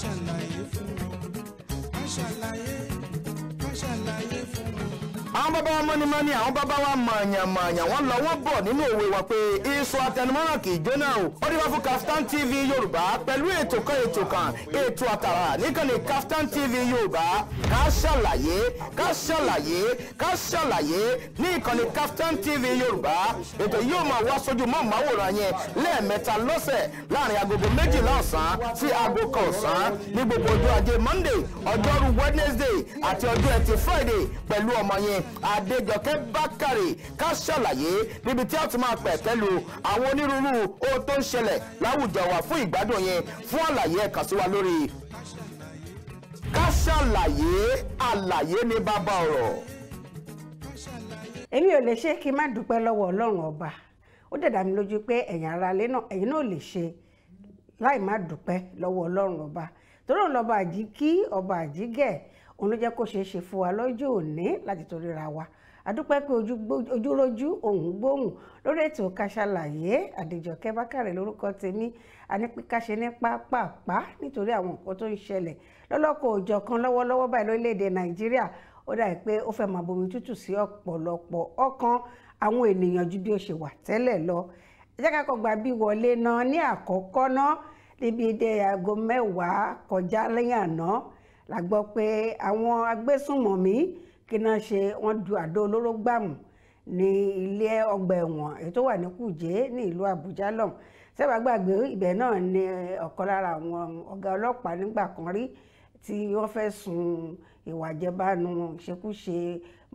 ṣàlàyé fún wọn a ṣàlàyé àwọn bàbá wa mọ́nimọ́ni àwọn bàbá wa mọ̀nyàmọ̀nyà wọ́n lọ wọ́n bọ̀ nínú òwe wa pé iṣu àtẹnumọ́ràn kì í jóná o. ó dìbò fún Kaftan TV Yorùbá pẹ̀lú ètò kan ètò kan ètò àtàrà níkànnì Kaftan TV Yorùbá ká ṣàlàyé ká ṣàlàyé ká ṣàlàyé ní Kaftan TV Yorùbá ètò yóò máa wá sójú mọ́ màwòrán yẹn lẹ́ẹ̀mẹ́ta lọ́sẹ̀ láàrin agogo méjìlá ọ̀sán sí aago kan ọ̀sán ní gbogbo ọjọ́ ajé Monday ọjọ́rú Wednesday àti ọjọ́ ẹtì Friday pẹ̀lú ọmọ yẹn adéjọkẹ́ bákàrè ká ṣàlàyé níbi tí a ti máa pẹ̀ pẹ́lú àwọn onírúurú ohun tó ń ṣẹlẹ̀ láwùjọ wa fún ìgbádùn yẹn fún àlàyé ẹ kàn sí wa lórí ká ṣàlàyé àlàyé ní bàbá ọ̀rọ̀. èmi ò lè ṣe kí n má dúpẹ́ lọ́wọ́ ọlọ́run ọba ó dẹ̀ mi lójú pé ẹ̀yin ará ilé náà ẹ̀yin náà lè ṣe láì má dúpẹ́ lọ́wọ́ ọlọ́run ọba torí òun lọ́ba àjíkí ọba àjígẹ̀ òun ló jẹ́ kó ṣeé ṣe fún wa lọ́jọ́ òní láti torí ra wa àdúpẹ́ pé ojúrojú òun gbóhùn lórí ètò Ká Ṣàlàyé Àdèjọkẹ́ Bákàrẹ̀ lórúkọ tèmi ànípíkáṣe ní pápápá nítorí àwọn nǹkan tó ń ṣẹlẹ̀ lọ́lọ́kọ̀ òjọ̀kan lọ́wọ́lọ́wọ́ báyìí lórílẹ̀‐èdè Nàìjíríà ó dàbí pé ó fẹ́ máa bomi tútù sí ọ̀pọ̀lọpọ̀ ọkàn àwọn ènìyàn ju bí ó ṣe wà tẹ́lẹ̀ lọ ẹ jẹ́ ká bí wọlé náà ní àkọ́kọ́ náà níbi dé mẹ́wàá kọjá lẹ́yìn àná la gbọ́ pé àwọn agbésùnmọ̀mí kíná ṣe wọ́n ju àdó olóró gbàmù ní ilé ọgbà ẹ̀wọ̀n èyí tó wà ní Kùjé ní ìlú Àbújá lọ́hùn sẹ́wà ibẹ̀ náà ni ọ̀kan lára àwọn ọ̀gá ọlọ́pàá nígbà kan rí tí wọ́n fẹ́ sun ìwà àjẹbánu ìṣekúṣe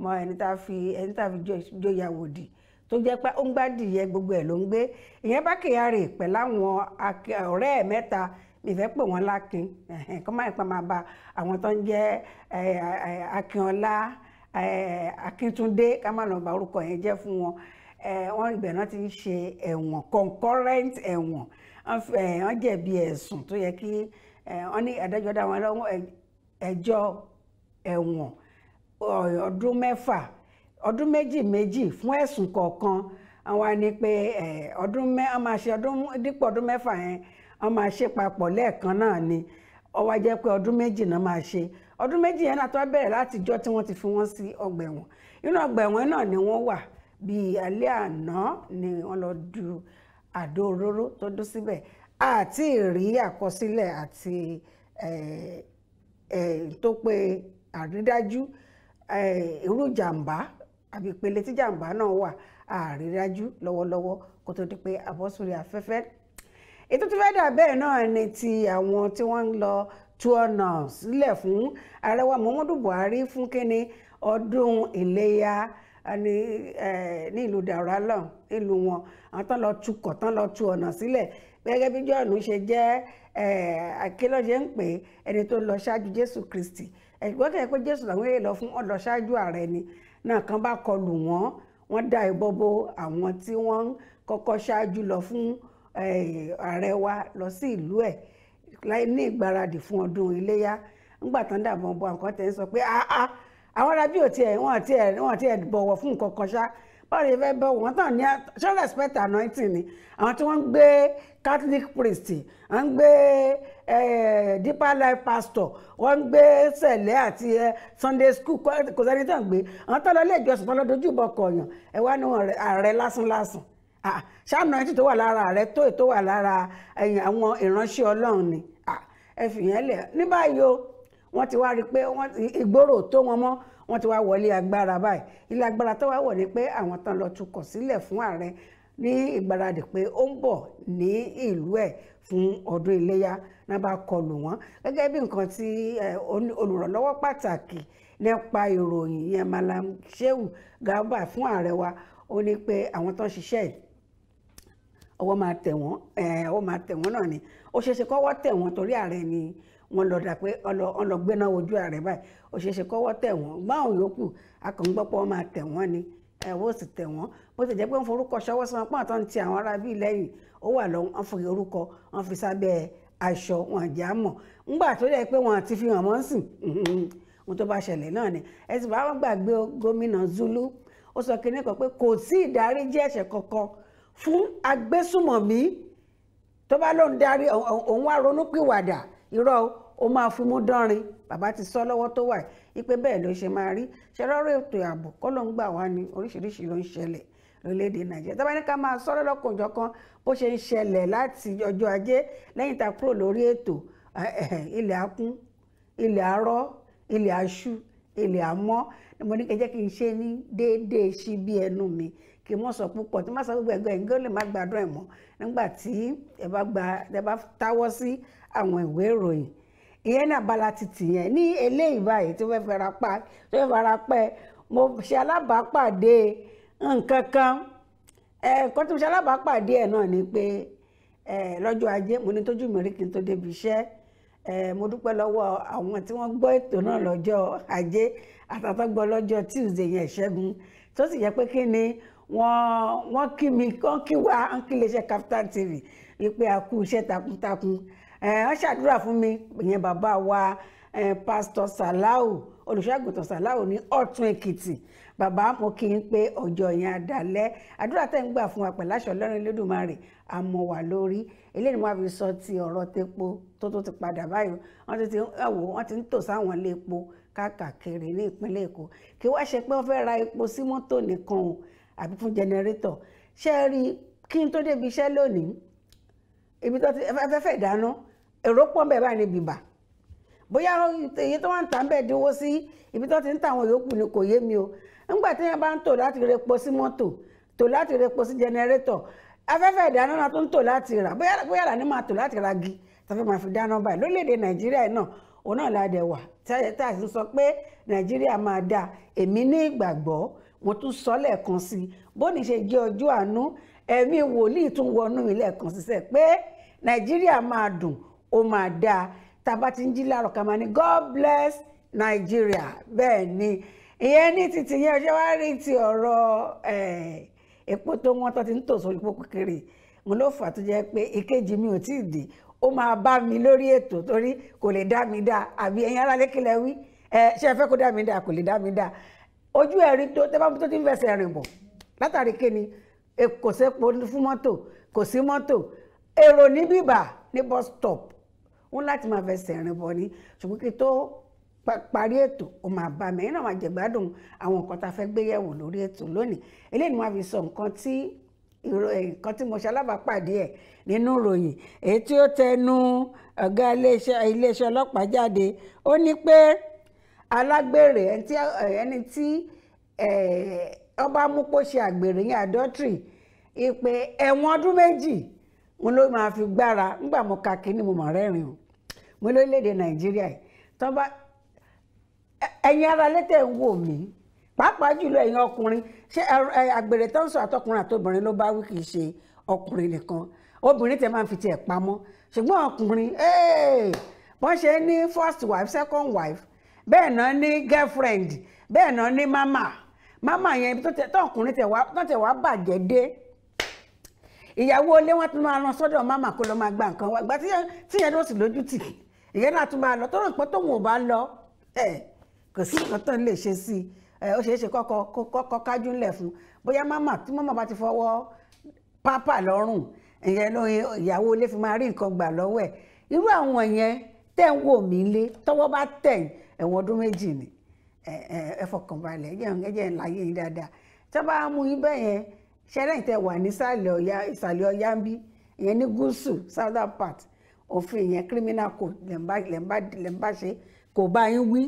mọ́ ẹni tá a fi ẹni tá a fi jóyàwó dì tó jẹ́ pé ó ń gbádìí yẹ gbogbo ẹ̀ ló ń gbé ìyẹn bá Kyari pẹ̀láwọn ọ̀rẹ́ ẹ̀ mẹ́ta mi fẹ́ pè wọ́n lákin kó má ìpa máa ba àwọn tó ń jẹ́ Akínọlá Akíntúndé ká má lọ bà orúkọ yẹn jẹ́ fún wọn wọn ibẹ̀ náà ti ń ṣe ẹ̀wọ̀n concurrent ẹ̀wọ̀n wọn jẹ̀bi ẹ̀sùn tó yẹ kí wọn ní adájọ́ dá wọn lọ́wọ́ ẹjọ́ ẹ̀wọ̀n ọdún mẹ́fà ọdún méjì méjì fún ẹ̀sùn kọ̀ọ̀kan àwọn ni pé ọdún mẹ́ a máa ṣe ọdún dípò ọdún mẹ́fà yẹn wọ́n máa ṣe papọ̀ lẹ́ẹ̀kan náà ni ó wá jẹ́ pé ọdún méjì náà máa ṣe ọdún méjì yẹn náà tó bẹ̀rẹ̀ láti ijọ́ tí wọ́n ti fi wọ́n sí ọgbà ẹ̀wọ̀n inú ọgbà ẹ̀wọ̀n náà ni wọ́n wà bíi alẹ́ àná ni wọ́n lọ du àdó òróró tó dún síbẹ̀ àti ìrí àkọsílẹ̀ àti tó pé àrídájú irú jàǹbá àbí ìpele tí jàǹbá náà wà àrídájú lọ́wọ́lọ́wọ́ kó tó di pé àbọ̀sórí afẹ́fẹ́ ètò tí fẹ́ẹ́ dà bẹ́ẹ̀ náà ni ti àwọn tí wọ́n ń lọ tú ọ̀nà sílẹ̀ fún ààrẹ wa Muhammadu Buhari fún kíni ọdún iléyà ní ní ìlú dàrá lọ nílùú wọn àwọn tán lọ tukọ̀ tán lọ tú ọ̀nà sílẹ̀ gẹ́gẹ́ bí John ṣe jẹ́ akínlọ́jẹ́ ń pè ẹni tó lọ ṣáájú Jésù Kristi ẹ̀gbọ́n kẹ́kẹ́ pé Jésù làwọn èèyàn lọ fún ọ̀dọ̀ ṣáájú ààrẹ ni náà kan bá kọlù wọ́n wọ́n dá ìbọ́bọ́ àwọn tí wọ́n kọ́kọ́ ṣáájú lọ fún ọ̀dọ̀ Eh, ààrẹ wa lọ sí ìlú ẹ̀ láì ní ìgbáradì fún ọdún iléyá ńgbà tán dàbọ̀ bọ̀ nǹkan tẹ̀ ń sọ pé àá ah, ah, àwọn ará bí ò tiẹ̀ wọ́n tiẹ̀ wọ́n tiẹ̀ bọ̀wọ̀ fún nǹkan kan ṣá báwo ni fẹ́ bọ̀ wọ́n tàn ní ṣé respect anointing ni àwọn tí wọ́n ń gbé catholic priest à ń gbé eh, deeper life pastor wọ́n ń gbé sẹ̀lẹ̀ àti eh, sunday school kò sẹ́ni tàn gbé àwọn tó lọ ilé ìjọsìn tó lọ dojú bọ̀ kọ̀ọ̀yàn ẹ̀ wá ní ààrẹ lásán lásán ṣáànà ètò tó wà lára rẹ tó ètò wà lára àwọn ìránṣẹ́ ọlọ́run ni ẹ fìyẹn lẹ̀ ní báyìí o wọ́n ti wá rí i pé ìgboro tó wọn mọ́ wọ́n ti wá wọlé agbára báyìí ilé agbára tó wá wọ̀ ni pé àwọn tán lọ tukọ̀ sílẹ̀ fún ààrẹ ní ìgbáradì pé ó ń bọ̀ ní ìlú ẹ̀ fún ọdún iléyá náà bá kọlù wọn gẹ́gẹ́ bí nǹkan tí olùrànlọ́wọ́ pàtàkì nípa ìròyìn yẹn Malam Shehu Garba fún ààrẹ wa ó ní pé àwọn tó ń ṣiṣẹ́ ọwọ́ máa tẹ̀ wọ́n ọwọ́ máa tẹ̀ wọ́n náà ni ó ṣeé ṣe kọ́wọ́ tẹ̀ wọ́n torí ààrẹ ni wọ́n lọ dà pé ọlọ gbéná ojú ààrẹ báyìí ó ṣeé ṣe kọ́wọ́ tẹ̀ wọ́n báwọn yòókù akọ̀ǹgbọ́pọ̀ máa tẹ̀ wọ́n ni ẹ̀wọ́ sì tẹ̀ wọ́n bó ti jẹ́ pé ń forúkọ ṣọwọ́ sí wọn pọ́n àtọ́ ń ti àwọn ará bíi lẹ́yìn ó wà lọ́wọ́ wọn fi orúkọ wọn fi sábẹ́ aṣọ wọn jà mọ̀ ńgbà tó yẹ pé wọn ti fi hàn wọ́n sìn ohun tó bá ṣẹlẹ̀ náà ni ẹ bá wọn gbàgbé gómìnà Zulu ó sọ kinní kan pé kò sí ìdáríjì ẹ̀ṣẹ̀ kankan fún agbésùmọ̀mí tó bá lóun darí òun wá ronúpìwàdà irọ́ ó máa fi mú dánrin bàbá ti sọ lọ́wọ́ tó wà ipe bẹ́ẹ̀ ló ṣe máa rí ṣẹlọ́rọ̀ ètò ààbò kọ́ ló ń gbà wá ní oríṣiríṣi ló ń ṣẹlẹ̀ lórílẹ̀‐èdè nàìjíríà tó bá ní ká máa sọ lọ́lọ́kùnjọ kan bó ṣe ń ṣẹlẹ̀ láti ọjọ́ ajé lẹ́yìn tá a kúrò lórí ètò ilẹ̀ akún ilẹ̀ arọ́ ilẹ̀ aṣú ilẹ̀ amọ́ mo ní kẹjẹ́ kí n ṣe ní déédéé sí bí ẹnu mi kì í mọ̀ sọ púpọ̀ tí màá sọ gbogbo ẹ̀gbọ́n ẹ̀gbọ́n lè má gbádùn ẹ̀ mọ́ nígbà tí ẹ bá gba ẹ bá táwọ́ sí àwọn ìwé ìròyìn ìyẹn ní abala títì yẹn ní eléyìí báyìí tó fẹ́ fara pa tó fẹ́ fara pẹ́ mo ṣe alábàápàdé nǹkan kan ẹ̀ẹ́kan tó ṣe alábàápàdé ẹ̀ náà ni pé lọ́jọ́ ajé mo ní tójú mi rí kí n tó débi iṣẹ́ mo dúpẹ́ lọ́wọ́ àwọn tí wọ́n gbọ́ ètò náà lọ́jọ́ ajé àtàtọ́ gbọ́ lọ́jọ́ yẹn ṣẹ́gun tó sì yẹ pé kí ni wọ́n wọ́n kí mi wọ́n kí wá wọ́n kí iléeṣẹ́ Kaftan TV wípé a kú iṣẹ́ takuntakun wọ́n ṣàdúrà fún mi ìyẹn bàbá wa pásítọ̀ Sàláù olùṣọ́àgùntàn Sàláù ní Ọ̀tún Èkìtì bàbá mo kí n pé ọjọ́ yẹn adalẹ́ àdúrà tẹ́ ń gbà fún wa pẹ̀lú àṣọ Ọlọ́run Elédùmarè àmọ́ wà lórí eléyìí mo fi sọ ti ọ̀rọ̀ tepo tó tó ti padà báyìí wọ́n ti wò wọ́n ti ń tò sáwọn ilé epo káàkiri ní ìpínlẹ̀ Èkó kí wá ṣe pé wọ́n fẹ́ ra epo sí mọ́tò nìkan o àbí fún jẹnẹrétọ̀ ṣé ẹ rí kí n tó débi iṣẹ́ lónìí ibi tó ti afẹ́fẹ́ ìdáná èrò pọ̀ bẹ́ẹ̀ báyìí ní bìbà bóyá èyí tó wà ń tà ń bẹ̀ dínwó sí ibi tó ti ń tà àwọn yòókù ni kò yé mi o ńgbà téèyàn bá ń tò láti repo sí mọ́tò tò láti repo sí jẹnẹrétọ̀ afẹ́fẹ́ ìdáná náà tó ń tò láti rà bóyá là ní máa tò láti ra gi tàbí máa fi dáná báyìí lórílẹ̀ nàìjíríà náà òun náà la dẹ̀ wà tá a sì sọ pé nàìjíríà máa dáa èmi ní ìgbàgbọ́ mo tún sọ lẹ́ẹ̀kan sí i bóni ṣe jẹ́ ọjọ́ àánú ẹ̀mí wòlíì tún wọnú mi lẹ́ẹ̀kan sísẹ̀ pé nàìjíríà máa dùn ó máa dáa tá a bá ti ń jí láàárọ̀ ká máa ní god bless nàìjíríà bẹ́ẹ̀ ni ìyẹn ní títí yẹn ọjọ́ wá rí ti ọ̀rọ̀ epo tó wọ́n tó ti ń tò sórí pópó kiri mo ló fà tó jẹ́ pé ìkejì mi ò tí ì dé ó máa bá mi lórí ètò torí kò lè dá mi dá àbí ẹ̀yin arálékè lẹ́wí ẹ ṣé ẹ fẹ́ kó dá mi dá kò lè dá mi dá ojú ẹ̀rí tó tẹ́ bá tó ti ń fẹsẹ̀ rìn bọ̀ látàrí kíni e, kò sépo fún mọ́tò kò sí mọ́tò èrò ní bíbà ní bus stop ń láti máa fẹsẹ̀ rìn bọ̀ ni ṣùgbọ́n kí tó parí ètò ó máa bá mi ẹ̀yin náà máa jẹ̀gbádùn àwọn nǹkan tá a fẹ́ gbé yẹ̀wò lórí ètò lónìí eléyìí ni wọ́n á fi sọ nǹkan tí eh, nǹkan tí mo ṣalábàápàdé ẹ̀ nínú ìròyìn èyí tí ó tẹnu ọ̀gá iléeṣẹ́ ọlọ́pàá jáde ó ní pé alágbèrè ẹni tí ọba mú pọ̀ ṣe àgbèrè yẹn adọ́tírì ìpè ẹ̀wọ̀n ọdún méjì mo ló máa fi gbára ńgbà mo ka kínní mo mọ̀ rẹ́rìn o mo lórílẹ̀‐èdè nàìjíríà yìí tó bá ẹ̀yin ara létẹ̀ ń wò mí pàápàá jùlọ ẹ̀yin ọkùnrin ṣé àgbèrè tó ń sọ àtọkùnrin àtobìnrin ló bá wí kì í ṣe ọkùnrin nìkan obìnrin tẹ máa ń fi tiẹ̀ pamọ́ ṣùgbọ́n ọkùnrin wọ́n ṣe ní first wife second wife bẹ́ẹ̀ náà ní girlfriend bẹ́ẹ̀ náà ní mama mama yẹn tọkùnrin tẹ̀ wá bàjẹ́ dé ìyàwó ilé wọn tún máa ran sọ́dọ̀ mama kó lọ máa gba nǹkan wá ìgbà tíyẹn ló sì lójú tì ìyẹn náà tún máa lọ tó rò pé tóun ò bá lọ kò sí nǹkan tó ń lè ṣe sí i ó ṣeé ṣe kọ́kọ́ kájú ńlẹ̀ fún bóyá mama tí mama bá ti fọwọ́ pápá lọ́rùn ìyẹn ló ìyàwó ilé fi máa rí nǹkan gbà lọ́wọ́ ẹ̀ irú àwọn yẹn tẹ̀ ń wò mí lé tọ́wọ́ bá tẹ̀ ẹ̀wọ̀n ọdún méjì ni ẹ fọkàn balẹ̀ ẹ jẹ́ ẹ jẹ́ ńlá yé yín dáadáa tí wọ́n bá mú yín bẹ́ẹ̀ yẹn ṣẹlẹ́yìn tẹ wà nísàlẹ̀ ọ̀yá ìsàlẹ̀ ọ̀yá ń bí ìyẹn ní gúúsù southern part òfin ìyẹn criminal code lẹ́nba lẹ́nba lẹ́nba ṣe kò bá yín wí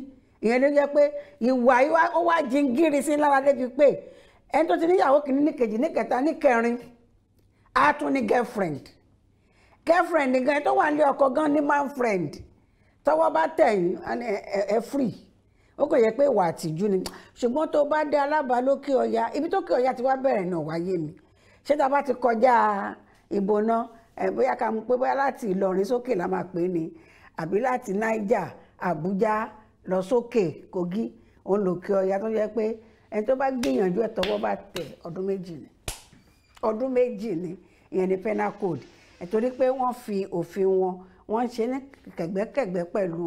ìyẹn ló jẹ́ pé ìwà yìí ó wá jingiri sí lára débi pé ẹni tó ti níyàwó kìíní ní kejì ní kẹta ní kẹrin á tún ní girlfriend girlfriend gan tó wà ní ọkọ gan ní man friend tọ́wọ́ bá tẹ̀ yín ẹ free ó kò yẹ pé ìwà àtìjú ni ṣùgbọ́n tó bá dé alábàá lókè ọya ibi tó kè ọya ti wá bẹ̀rẹ̀ náà wáyé mi ṣé tá a bá ti kọjá ìbò ẹ bóyá ká mú pé bóyá láti Ìlọrin sókè la máa pè é ni àbí láti Niger Àbújá lọ sókè Kogi òun lòkè ọya tó yẹ pé ẹni tó bá gbìyànjú ẹ tọ́wọ́ bá tẹ̀ ọdún méjì ni ọdún méjì ni ìyẹn ni penal code ẹ torí pé wọ́n fi òfin wọn wọ́n ṣe ní kẹ̀gbẹ́kẹ̀gbẹ́ pẹ̀lú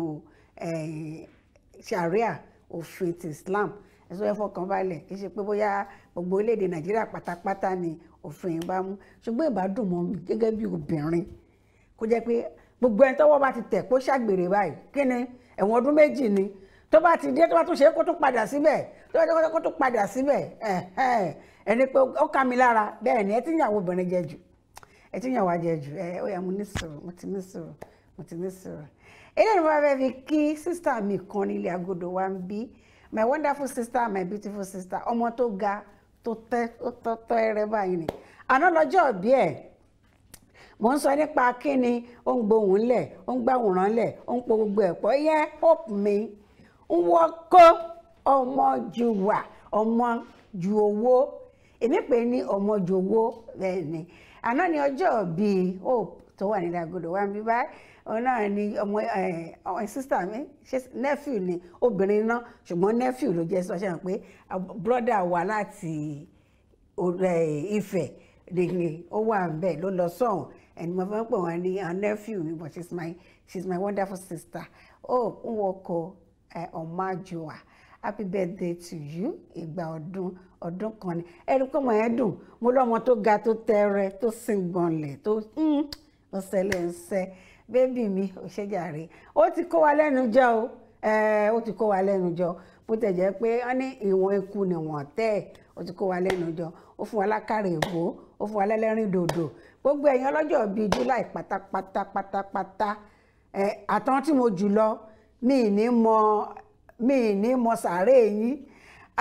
sharia òfin ti Islam ẹ̀sùn ẹ̀fọ́ kan balẹ̀ kì í ṣe pé bóyá gbogbo orílẹ̀-èdè Nàìjíríà pátápátá ni òfin yìí bá mú ṣùgbọ́n ìbádùn mọ́ mi gẹ́gẹ́ bí obìnrin kó jẹ́ pé gbogbo ẹni tọ́wọ́ bá ti tẹ̀ kó ṣàgbèrè báyìí kí ni ẹ̀wọ̀n ọdún méjì ni tó bá ti dé tó bá tún ṣe kó tún padà síbẹ̀ tó bá tún kó tún padà síbẹ̀ ẹni pé ó kà mí lára bẹ́ẹ̀ ni ẹ ti ń yàwó obìnrin jẹ jù ẹ tún yàn wá jẹ jù ẹ ó yá mo ní sùúrù mo ti ní sùúrù mo ti ní sùúrù eléyìí ni mo fẹ́ fi kí sísá mi kan nílé agodo wa ń bí my wonderful sister my beautiful sister ọmọ tó ga tó tẹ́ tó tọ́ tọ́ ẹrẹ báyìí ni àná lọ́jọ́ ìbí ẹ̀ mo ń sọ nípa kíni ó ń gbohùn lẹ̀ ó ń gbàwòrán lẹ̀ ó ń po gbogbo ẹ̀ pọ̀ yẹ hope mi ń wọ́kọ́ ọmọ ju wà ọmọ ju owó èmi pè ní ọmọ ju owó bẹ́ẹ̀ ni àná ni ọjọ́ bí hope tó wà nílẹ̀ àgọ́dọ̀ wá ń bí báyìí òun náà ni ọmọ ẹ eh, sísà mi nephew ni obìnrin náà ṣùgbọ́n nephew ló jẹ́ sọ ṣe hàn pé broda wà láti eh, Ifẹ̀ nìyẹn ó wà bẹ́ẹ̀ ló lọ sọ̀hún ẹni mo fẹ́ pè wọ́n ní her nephew mi but she's my she's my wonderful sister oh nwoko ọ̀májúwà. Uh, happy birthday to you ìgbà ọdún ọdún kan ni ẹ̀rí pé ọmọ yẹn dùn mo lọ́mọ tó ga tó tẹ́rẹ́ tó sìngbọ̀nlẹ̀ tó hmm, ọ̀sẹ̀lẹ̀nsẹ̀ bébì mi òṣèjàre ó ti kó wa lẹ́nu jọ o ó ti kó wa lẹ́nu jọ bó tẹ̀ jẹ́ pé wọ́n ní ìwọ̀n ikú ni wọ́n tẹ̀ ó ti kó wa lẹ́nu jọ ó fún wa lákàrà èbó ó fún wa lẹ́lẹ́rìn dòdò gbogbo ẹ̀yin ọlọ́jọ́ bíi july pátápátá pátápátá tí mo jù lọ mi ì ní mọ mi ní mọ sàárè yín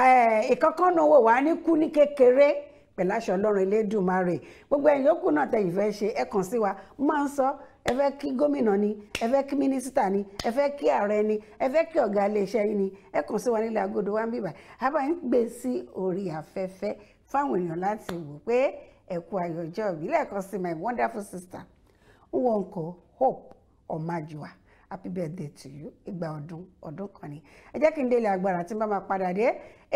eh, ìkankan náà wò wá ní kú ní kékeré pẹ̀lú àṣọ ọlọ́run elédùnmarè gbogbo ẹ̀yin yòókù náà tẹ̀yìn fẹ́ ṣe ẹ kàn sí wa máa ń sọ ẹ fẹ́ kí gómìnà ni ẹ fẹ́ kí mínísítà ni ẹ fẹ́ kí ààrẹ ni ẹ fẹ́ kí ọ̀gá iléeṣẹ́ yìí ni ẹ kàn sí wa nílẹ̀ agodo wa ń bíbà àbá ń gbé sí orí afẹ́fẹ́ fáwọn èèyàn láti wò pé ẹ̀kú ayọ̀jọ́ ìbílẹ̀ kan sí my wonderful sister Nwoko Hope Ọ̀májùwà happy birthday to you ìgbà ọdún ọdún kan ni ẹ jẹ́ kí n délé agbára tí n bá máa padà dé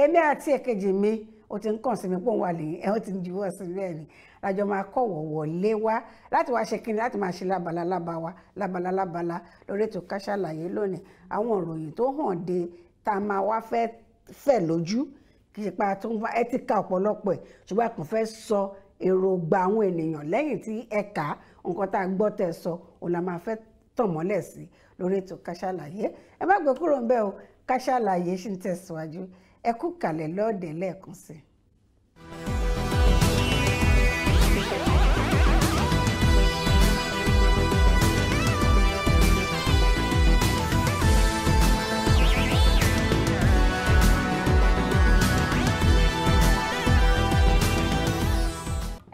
èmi àti èkejì mi ó ti ń kàn sí mi pé òun wà lẹ́yìn ẹ̀ ó ti ń juwọ́ sí bẹ́ẹ̀ ni lájọ máa kọ̀wọ̀ wọlé wá láti wá ṣe kíni láti máa ṣe lábala lába wa lábala lábala lórí ètò Ká Sálàyé lónìí àwọn ìròyìn tó hàn de tá a máa wá fẹ́ fẹ̀ lójú kì í pa tó ń fa ẹ́tíkà ọ̀pọ̀lọpọ̀ ẹ̀ ṣùgbọ́n a kàn fẹ́ sọ èròǹgbà àwọn ènìyàn lẹ́yìn tí ẹ̀ka nǹkan tá a gbọ́ tẹ̀ sọ òun la máa fẹ́ tàn mọ́lẹ̀ sí lórí ètò Ká Sálàyé ẹ má gbé kúrò ńbẹ̀ o Ká Sálàyé ṣì ń tẹ̀síwájú ẹ kú kàlẹ̀ lọ́ọ̀dẹ̀ lẹ́ẹ̀kan sí i.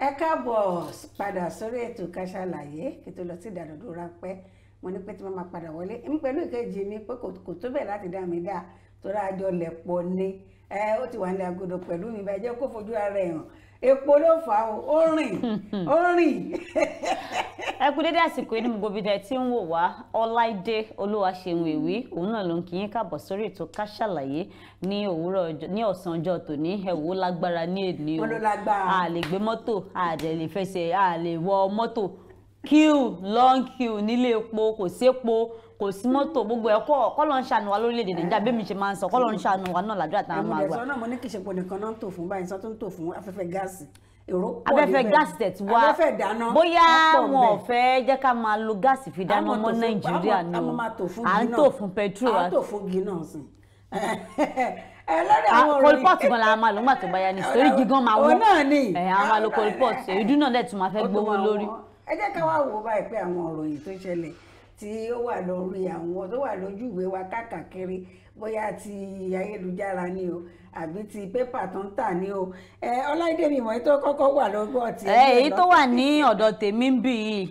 ẹ káàbọ̀ padà sórí ètò Ká Sálàyé kí tó lọ sí ìdánudúró ráńpẹ́ mo ní pé tí wọ́n máa padà wọlé ń pẹ̀lú ìkejì mi pé kò tó bẹ̀ láti dá mi dá torí àjọ lẹ̀ pọ̀ ni ó ti wà ní agodo pẹ̀lú mi báyìí jẹ́ kó fojú ara ẹ̀ hàn epo ló fà á ó rìn ó rìn. ẹ kú dédé àsìkò yìí ní gbogbo ibi tí ń wò wá ọláìdé olúwaṣeun èwí òun náà ló ń kí yín káàbọ̀ sórí ètò ká ṣàlàyé ní òwúrọ̀ ní ọ̀sán ọjọ́ tòní ẹ̀wò lágbára ní èdè o a lè gbé mọ́tò a lè fẹsẹ̀ a lè wọ mọ́tò queue long queue nílé epo kò sépo kò sí mọ́tò gbogbo ẹ̀kọ́ kọ́lọ́ ń ṣàánú wa lórílẹ̀‐èdè nàìjíríà bẹ́ẹ̀ mi ṣe máa ń sọ kọ́lọ́ ń ṣàánú wa náà làdúrà tá a máa gbà. ìmọ̀lẹ́sọ náà mo ní kì í ṣe pò nìkan náà ń tò fún báyìí sọ tó ń tò fún afẹ́fẹ́ gáàsì èrò pọ̀ níbẹ̀ afẹ́fẹ́ gáàsì tẹ̀ ti wá bóyá wọn ò fẹ́ jẹ́ ká máa lo gáàsì fi dáná mọ́ nàìjíríà ni kolipot gan la máa lò ńgbà tó bá yá ni torí gígan máa wọ́n ẹ̀ àwọn máa lo kolipot èédú náà dẹ̀ tún máa fẹ́ gbowó lórí ẹ jẹ́ ká wá wò báyìí pé àwọn ìròyìn tó ṣẹlẹ̀ tí ó wà lórí àwọn tó wà lójú ìwé wa káàkiri bóyá ti ayélujára ni o àbí ti pépà tó ń tà ni o ẹ ọláìdé mi mọ̀ èyí tó kọ́kọ́ wà lọ́gbọ́ ti. ẹ èyí tó wà ní ọ̀dọ̀ tèmi ń bì í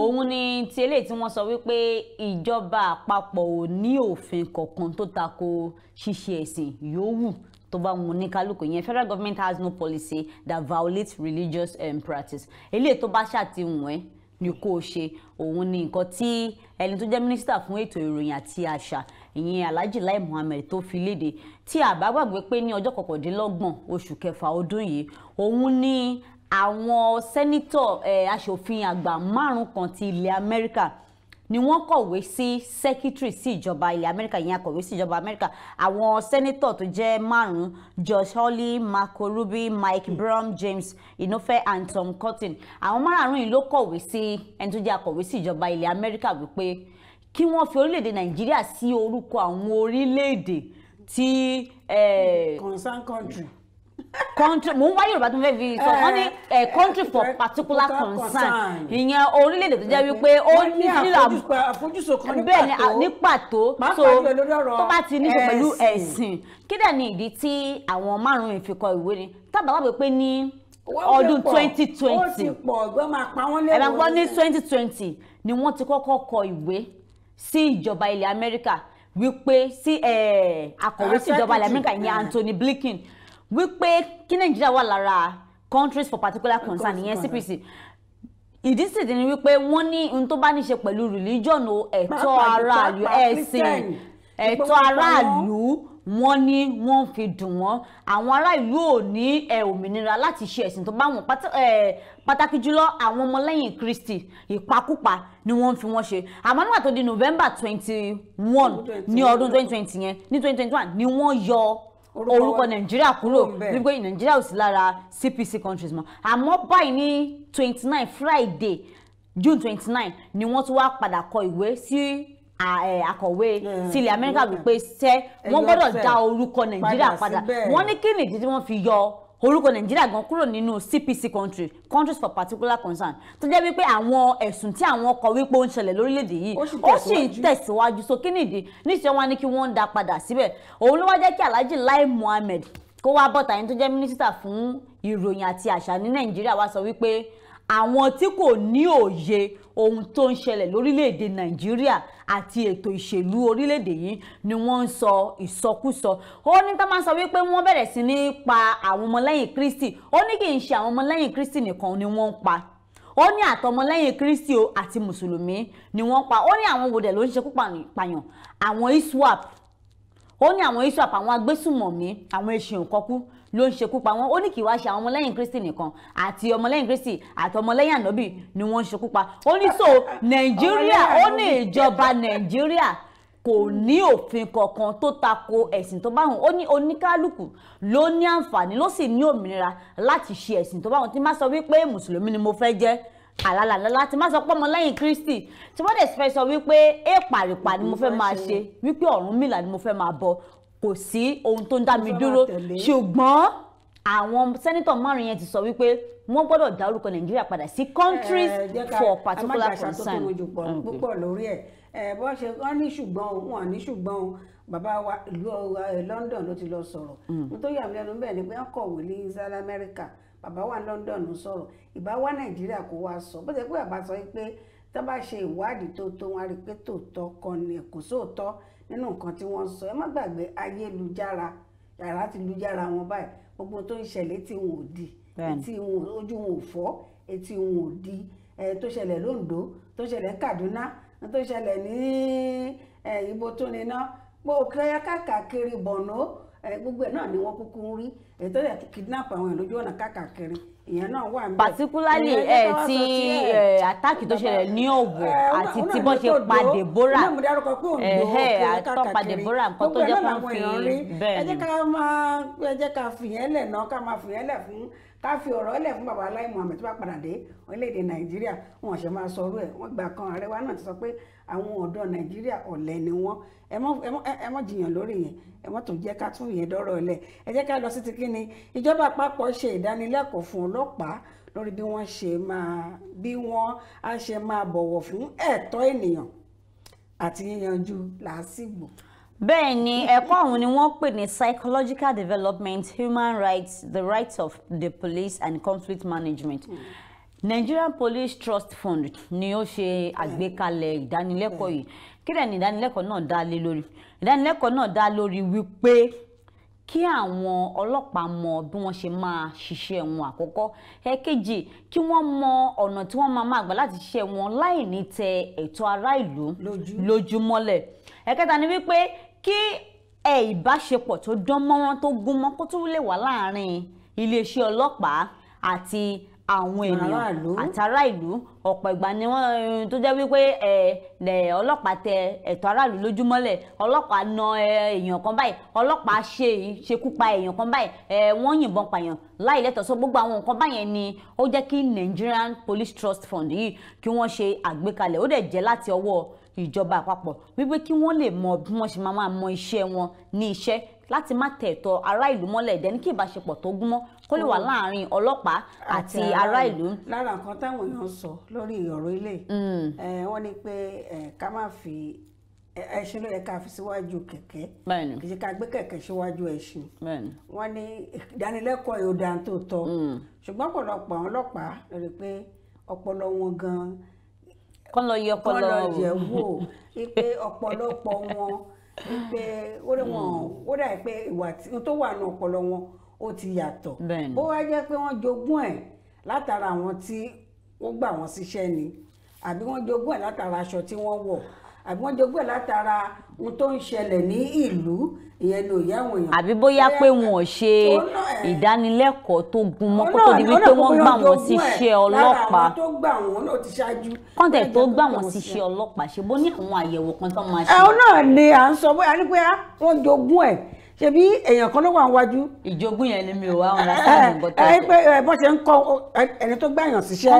òun ni ti eléyìí tí wọ́n sọ wípé ìjọba àpapọ̀ ò ní òfin kọ̀ọ̀kan tó tako ṣíṣe ẹ̀sìn yòówù tó bá mu ní yẹn federal government has no policy that violates religious um, practice eléyìí tó bá ṣàtìwọ̀n ẹ́ ni kó o ṣe òun ni nǹkan tí ẹni tó jẹ́ mínísítà fún ètò ìròyìn àti àṣà ìyẹn Alhaji Lai Muhammed tó fi léde tí a bá gbàgbé pé ní ọjọ́ kọkàndínlọ́gbọ̀n oṣù kẹfà ọdún yìí òun ni àwọn sẹ́nítọ̀ eh, aṣòfin àgbà márùn-ún kan ti ilẹ̀ Amẹ́ríkà ni wọ́n kọ̀wé sí secretary sí ìjọba ilẹ̀ amẹ́ríkà ìyẹn akọ̀wé sí ìjọba amẹ́ríkà àwọn sẹ́nítọ̀ tó jẹ́ márùn Josh Hawley Marco Rubio Mike Brown James Inhofe and Tom Cotton àwọn márùn-ún yìí ló kọ̀wé sí ẹni tó jẹ́ akọ̀wé sí ìjọba ilẹ̀ amẹ́ríkà wípé kí wọ́n fi orílẹ̀-èdè nàìjíríà sí orúkọ àwọn orílẹ̀-èdè tí. Eh, concern country country mò ń wá yorùbá tó fẹ́ fi sọ eh, wọ́n ní eh, eh, country for particular concern ìyẹn orílẹ̀-èdè tó jẹ́ wípé ó ní sílà àfojúsùn kan bẹ́ẹ̀ ni ní pàtó so tó bá ti níṣe pẹ̀lú ẹ̀sìn kí dẹ̀ ni ìdí tí àwọn márùn-ún ìfikọ̀ ìwé ni tábà wà pé ní ọdún twenty twenty ẹ̀ ní twenty twenty ni wọ́n ti kọ́kọ́ kọ ìwé sí ìjọba ilẹ̀ amẹ́ríkà wípé sí akọ̀wé sí ìjọba ilẹ̀ amẹ́ríkà ìyẹn Anthony Blinken wípé kí nàìjíríà wà lára countries for particular concern ìyẹn CPC ìdí sì ni wípé wọ́n ní ohun tó bá ní ṣe pẹ̀lú religion o ẹ̀tọ́ aráàlú ẹ̀sìn ẹ̀tọ́ aráàlú wọ́n ní wọ́n fi dùn wọ́n àwọn aráàlú ò ní òmìnira láti ṣe ẹ̀sìn tó bá wọn pàtàkì jùlọ àwọn ọmọlẹ́yìn Kristi ìpakúpa ni wọ́n fi wọ́n ṣe àmọ́ nígbà tó di November twenty one ní ọdún twenty twenty yẹn ní twenty twenty one ni wọ́n yọ orúkọ nàìjíríà kúrò oh, wípé nàìjíríà ò sí lára CPC countries mọ́ àmọ́ báyìí ní twenty nine Friday June twenty nine ni wọ́n tún wá padà kọ ìwé sí akọ̀wé sílẹ̀ Amẹ́ríkà wípé sẹ́ wọ́n gbọ́dọ̀ dá orúkọ nàìjíríà padà wọ́n ní kí nìdí tí wọ́n fi yọ orúkọ nàìjíríà gan kúrò nínú cpc country countries for particular concern tó jẹ́ wípé àwọn ẹ̀sùn tí àwọn kọ wípé ó ń ṣẹlẹ̀ lórílẹ̀‐èdè yìí ó sì ń tẹ̀síwájú so kí nìdí níṣẹ́ wọn ni kí wọ́n ń dá padà síbẹ̀ òun ló wá jẹ́ kí alhaji lai muhammed kó wá bọ́ta yẹn tó jẹ́ mínísítà fún ìròyìn àti àṣà ní nàìjíríà wá sọ wípé àwọn tí kò ní òye ohun tó ń ṣẹlẹ̀ lórílẹ̀‐èdè nàìjíríà àti ètò ìṣèlú orílẹ̀‐èdè yìí ni wọ́n ń sọ ìsọkúsọ ó ní tá máa ń sọ wípé wọ́n bẹ̀rẹ̀ sí ní pa àwọn ọmọlẹ́yìn kristi ó ní kì í ṣe àwọn ọmọlẹ́yìn kristi nìkan ni wọ́n ń pa ó ní àtọmọlẹ́yìn kristi o àti mùsùlùmí ni wọ́n pa ó ní àwọn wòdẹ̀ ló ń ṣekú pààyàn àwọn iswap ó ní àwọn iswap àwọn agbésùmọ̀mí àwọn eṣin òkọ́kú ló ń ṣekú pa wọn ó ní kì í wá ṣe àwọn ọmọlẹ́yìn kristi nìkan àti ọmọlẹ́yìn kristi àti ọmọlẹ́yìn ànábì ni wọ́n ń ṣekú pa ó ní so nàìjíríà ó ní ìjọba nàìjíríà kò ní òfin kankan tó tako ẹ̀sìn tó bá wọn ó ní oníkálukú ló ní àǹfààní ló sì ní òmìnira láti ṣe ẹ̀sìn tó bá wọn tí má sọ wípé mùsùlùmí ni mo fẹ́ jẹ́ àlàlàlà láti má sọ pé ọmọ lẹ́yìn kristi tí wọ́n dẹ̀ fẹ́ sọ wípé èèpàrìpà ni mo fẹ́ máa ṣe wípé ọ̀rúnmìlà ni mo fẹ́ máa bọ kò sí ohun tó ń dá mi dúró ṣùgbọ́n àwọn sẹ́nitọ̀ márùn-ún yẹn ti sọ wípé wọ́n gbọ́dọ̀ dá orúkọ nàìjíríà padà sí countries eh, for particular concern. Mm. púpọ̀ lórí ẹ̀ eh, bó ṣe wọ́n ní ṣùgbọ́n wọn ní ṣùgbọ́n bàbá wa ìlú eh, London ló ti lọ sọ̀rọ̀ nítorí àmì ẹnu bẹ́ẹ̀ ni pé wọ́n kọ̀wé ní South America bàbá wa London sọ̀rọ̀ ìbá wa nàìjíríà kò wá sọ bó ṣe pé bàbá sọ pé tó bá ṣe ìwádìí tó tó wọn rí i pé tòótọ́ kan ni kò sóòótọ́ nínú nǹkan tí wọ́n sọ ẹ má gbàgbé ayélujára yàrá ti lùjára wọn báyìí gbogbo tó ń ṣẹlẹ̀ tí wọn ò di etí wọn ojú wọn ò fọ́ etí wọn ò di tó ṣẹlẹ̀ londo tó ṣẹlẹ̀ kaduna tó ṣẹlẹ̀ ní ibo tó níná gbogbo kẹyà káàkiri bọ̀nà gbogbo ẹ̀ náà ni wọ́n kúkú ń rí èyí tó àwọn èèyàn ọ̀nà káàkiri ìyẹn náà wà níbẹ̀. particularly ẹ eh, ti àtàkì eh, tó ṣẹlẹ̀ ní Ọ̀wọ̀ eh, àti tí bọ́n ṣe pa Deborah ẹ̀hẹ́ àtọ́pa Deborah nǹkan tó jẹ́ kó ń fi bẹ́ẹ̀ ni. ẹ jẹ́ ká máa ẹ jẹ́ ká fìyẹn náà ká máa fìyẹn fún ká fi ọ̀rọ̀ lẹ̀ fún bàbá Lai Muhammed tó bá padà dé orílẹ̀-èdè nàìjíríà wọn ṣe máa sọrú ẹ̀ wọ́n gbà kan ààrẹ wa náà ti sọ pé àwọn ọ̀dọ́ nàìjíríà ọ̀lẹ ni wọ́n ẹ mọ́ jiyàn lórí yẹn ẹ mọ́ tó jẹ́ ká tún yẹn dọ́rọ̀ lẹ̀ ẹ jẹ́ ká lọ sí ti kí ni ìjọba àpapọ̀ ṣe ìdánilẹ́kọ̀ọ́ fún ọlọ́pàá lórí bí wọ́n ṣe máa bí wọ́n á ṣe máa bọ̀wọ̀ fún ẹ̀tọ́ ènìyàn àti yíyanjú làásìgbò bẹ́ẹ̀ ni ẹ̀kọ́ ọ̀hún ni wọ́n pè ní psychological development human rights the rights of the police and conflict management. Hmm. Nigerian Police Trust Fund ni ó ṣe àgbékalẹ̀ ìdánilẹ́kọ̀ọ́ yìí kí lẹ́ni ìdánilẹ́kọ̀ọ́ náà dá lé lórí ìdánilẹ́kọ̀ọ́ náà dá lórí wípé kí àwọn ọlọ́pàá mọ bí wọ́n ṣe máa ṣiṣẹ́ wọn àkọ́kọ́ ẹ̀kejì kí wọ́n mọ ọ̀nà tí wọ́n máa máa gbà láti ṣiṣẹ́ wọn láì ní tẹ ẹ̀tọ́ ará ìlú lójúmọ́lẹ̀ ẹ̀kẹta ni wípé kí ẹ ìbáṣepọ̀ tó dán mọ́rán tó gún mọ́ kó tún lè wà láàárín iléeṣẹ́ ọlọ́pàá àti àwọn ènìyàn àtàrà ìlú ọ̀pọ̀ ìgbà ni wọ́n eh, tó jẹ́ wípé eh, ẹ̀ ọlọ́pàá tẹ ẹ̀tọ́ aráàlú lójúmọ́lẹ̀ ọlọ́pàá na eh, èèyàn kan báyìí ọlọ́pàá ṣe ṣekú pa èèyàn kan báyìí ẹ̀ wọ́n yìnbọn pààyàn láì lẹ́tọ̀ọ́ sọ gbogbo àwọn nǹkan báyẹn ni ó jẹ́ kí Nigerian Police Trust Fund yìí kí wọ́n ṣe àgbékalẹ̀ ó dẹ̀ jẹ́ láti ọwọ́ ìjọba àpapọ̀ wípé kí wọ́n lè mọ bí wọ́n ṣe máa máa mọ iṣẹ́ wọn ní iṣẹ́ láti má tẹ̀ ẹ̀tọ́ ará ìlú mọ́lẹ̀ dẹ́ni kí ìbáṣepọ̀ tó gúnmọ́ kó lè wà láàárín ọlọ́pàá àti ará ìlú. lára nǹkan táwọn èèyàn sọ lórí ọ̀rọ̀ ilé mm. wọ́n ní pé ká má fi ẹṣin ló yẹ ká fi síwájú kẹ̀kẹ́ kì í ṣe ká gbé kẹ̀kẹ́ síwájú ẹṣin wọ́n ní ìdánilẹ́kọ̀ọ́ yóò dáa tó tọ́ mm. ṣùgbọ́n ọ̀pọ̀lọpọ̀ àwọn ọlọ́pàá lórí pé ọpọlọ wọn gan-an kọ́ lọ yẹ ọpọlọ wò pé ọ̀pọ̀lọpọ̀ wọn pé ó lè wọn ó dà pé ìwà tó wà ní ọpọlọ wọn ó ti yàtọ̀ bó wá jẹ́ pé wọ́n jogún ẹ̀ látara àwọn tí ó gbà wọ́n síṣẹ́ ni àbí wọ́n jogún ẹ̀ látara aṣọ tí wọ́n wọ̀ àbí wọ́n jogún ẹ̀ látara ohun tó ń ṣẹlẹ̀ ní ìlú ìyẹn ni òye àwọn èèyàn. àbí bóyá pé wọn ò ṣe ìdánilẹ́kọ̀ọ́ tó gún mọ́ kó tó di wípé wọ́n gbà wọ́n sí iṣẹ́ ọlọ́pàá. kọ́ńtẹ̀ tó gbà wọ́n sí iṣẹ́ ọlọ́pàá ṣe bó ní àwọn àyẹ̀wò kan tó máa ṣe. ẹ̀ náà ni à ń sọ bóyá ní pé ah, wọ́n jogún ẹ̀ ṣebí èèyàn kan ló wà wájú. ìjogún yẹn ni mi ò wá wọn lásán ní bọ́tẹ́. ẹ bọ́ ṣe ń kọ ẹni tó gbà yàn síṣẹ́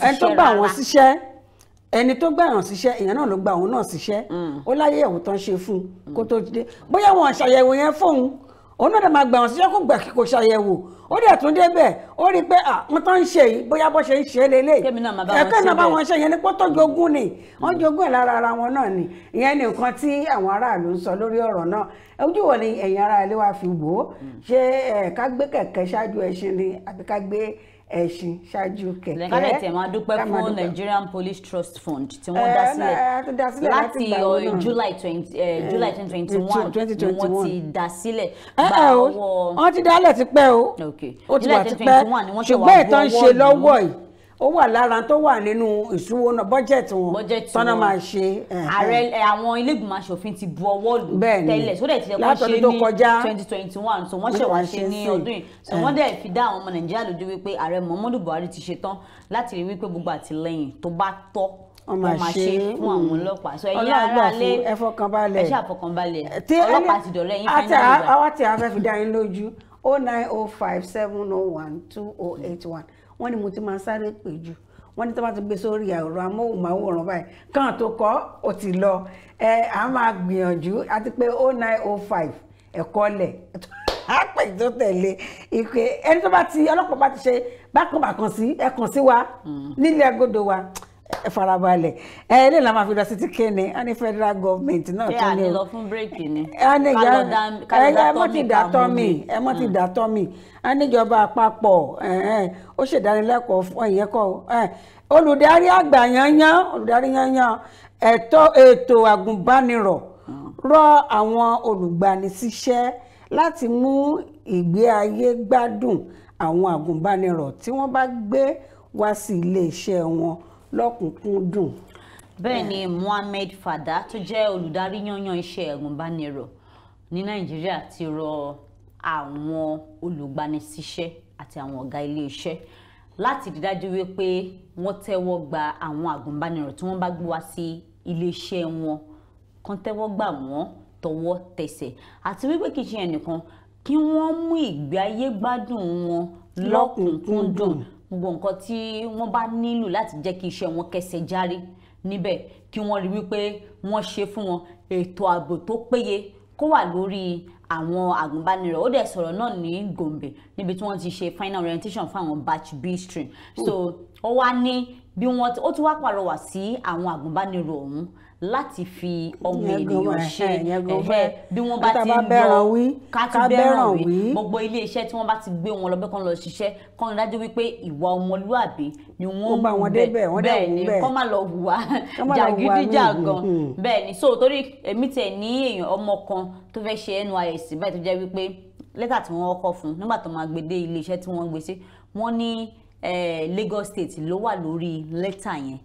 ẹni tó gbà wọ́n síṣẹ́ ẹni tó gbàyàn síṣẹ́ èèyàn náà ló gba òun náà síṣẹ́ mm. ó láyé ẹ̀wò tán ṣe fún un kó tó dé bóyá wọn ṣàyẹ̀wò yẹn fóun òun náà máa gbàyàn síṣẹ́ kó gbà kó ṣàyẹ̀wò ó dẹ̀ tún débẹ̀ ó rí i pé àwọn tó ń ṣe yìí bóyá bó ṣe ń ṣe é lélẹ̀ ẹ̀kẹ́ náà bá wọn ṣe yẹn ni pé tó jogún ni mm. wọ́n jogún ẹ̀ lára ara wọn náà ni ìyẹn ni nǹkan tí àwọn aráàlú ń sọ lórí ọ̀rọ̀ náà ojú wo ni ẹ̀yin ará ilé wa fi wò ó mm. ṣé ká gbé kẹ̀kẹ́ ṣáájú ẹṣin ni àbí ká gbé ẹṣin ṣáájú kẹ̀kẹ́. lẹ́kálẹ̀ tẹ̀ máa dúpẹ́ fún Nigerian Police Trust Fund tí wọ́n dá sílẹ̀ láti July twenty July twenty twenty one ni wọ́n ti dá sílẹ̀. wọ́n ti dálẹ̀ tipẹ́ o ó ti wà tipẹ́ ṣùgbọ́n ìtàn ń ṣe lọ́wọ́ yìí ó wà lára tó wà nínú ìṣúwó náà bọ́jẹ̀tì wọn tọ́nà máa ṣe. ààrẹ àwọn ilégbìmọ̀ asòfin ti bu ọwọ́ lù tẹ́lẹ̀ sódẹ̀ ti ẹ̀kọ́ ṣe ní twenty twenty one so wọ́n ṣẹ̀wá ṣe ní ọdún yìí so wọ́n dẹ̀ fi dá àwọn ọmọ nàìjíríà lójú wípé ààrẹ muhammadu buhari ti ṣetán láti rí wípé gbogbo àtìlẹ́yìn tó bá tọ́ wọ́n máa ṣe fún àwọn hmm. ọlọ́pàá sọ ẹ̀yin aráalé ẹ fọkànbalẹ̀ ẹ ṣàfọkànbalẹ̀ eh, ọlọ́pàá ti dọ̀rẹ́ yín fún nàìjíríà. àwa tí a fẹ́ fi dá yín lójú oh nine oh five seven oh one two oh eight one wọ́n ní mo ti máa sáré pè jù wọ́n ní tó bá ti gbé sórí ẹ̀rọ amóhùnmáwòrán báyìí kàn tó kọ́ ó ti lọ ẹ à máa gbìyànjú àti pé oh nine oh five ẹ̀kọ́ lẹ̀ àpè tó tẹ̀lé ìpè ẹni tó bá ti ọlọ́pàá bá ti ṣe bákan bàkan sí ẹ sí wa hmm. nílẹ̀ agodo wa ẹ farabalẹ̀ ẹ ilé la máa fi lọ sí ti kéne a ní federal government náà tó ní o. ṣé a lè lọ fún bírèkì ni. a ní ìjà ẹ mọ́ ti dà tọ́ mi ẹ mọ́ ti hmm. dà tọ́ mi a níjọba àpapọ̀ ó ṣèdánilẹ́kọ̀ọ́ fún ìyẹn kọ́ olùdarí àgbà yanyan olùdarí yanyan ẹ̀tọ́ ètò àgùnbánirọ̀ hmm. rọ àwọn olùgbanisíṣẹ́ láti mú ìgbé ayé gbádùn àwọn àgùnbánirọ̀ tí wọ́n bá gbé wá sí ilé wọn lọ́kùnkúndùn. bẹ́ẹ̀ ni Mohammed Fada tó jẹ́ olùdarí yanyan iṣẹ́ ẹ̀gúnbánirọ̀ ní Nàìjíríà ti rọ àwọn olùgbanisíṣẹ́ àti àwọn ọ̀gá ilé iṣẹ́ láti rí dájú wípé wọ́n tẹ́wọ́ gba àwọn àgùnbánirọ̀ tí wọ́n bá gbé wá sí iléeṣẹ́ wọn kan tẹ́wọ́ gbà wọ́n tọwọ́ tẹsẹ̀ àti wípé kìí ṣe ẹnìkan kí wọ́n mú ìgbé ayé gbádùn wọn lọ́kùnkúndùn gbogbo nǹkan tí wọ́n bá nílò láti jẹ́ kí iṣẹ́ wọn kẹsẹ̀ járí níbẹ̀ kí wọ́n rí wípé wọ́n ṣe fún wọn ètò ààbò tó péye kó wà lórí àwọn agùnbánirọ̀ ó dẹ̀ sọ̀rọ̀ náà ní Gombe níbi tí wọ́n ti ṣe final orientation fún àwọn batch B stream so ó wá ní bí wọ́n ó tún wá pàrọwà sí àwọn agùnbánirọ̀ ọ̀hún láti fi ọmọ ènìyàn ṣe ẹ̀hẹ́ bí wọ́n bá ti ń lọ ká tún bẹ́ràn wí gbogbo iléeṣẹ́ tí wọ́n bá ti gbé wọn lọ bẹ́ẹ̀ kán lọ ṣiṣẹ́ kán dájú wípé ìwà ọmọlúàbí ni wọ́n ń bẹ̀ bẹ́ẹ̀ ni kán má lọ hùwà jàgídíjàgan hmm, hmm. bẹ́ẹ̀ ni so torí èmi tẹ̀ ní èèyàn ọmọ kan tó fẹ́ ṣe NYSC báyìí tó jẹ́ wípé lẹ́tà tí wọ́n kọ fún nígbà tó máa gbé dé iléeṣẹ́ tí wọ́n gbé sí ní eh, Lagos State ló wà lórí lẹ́tà yẹn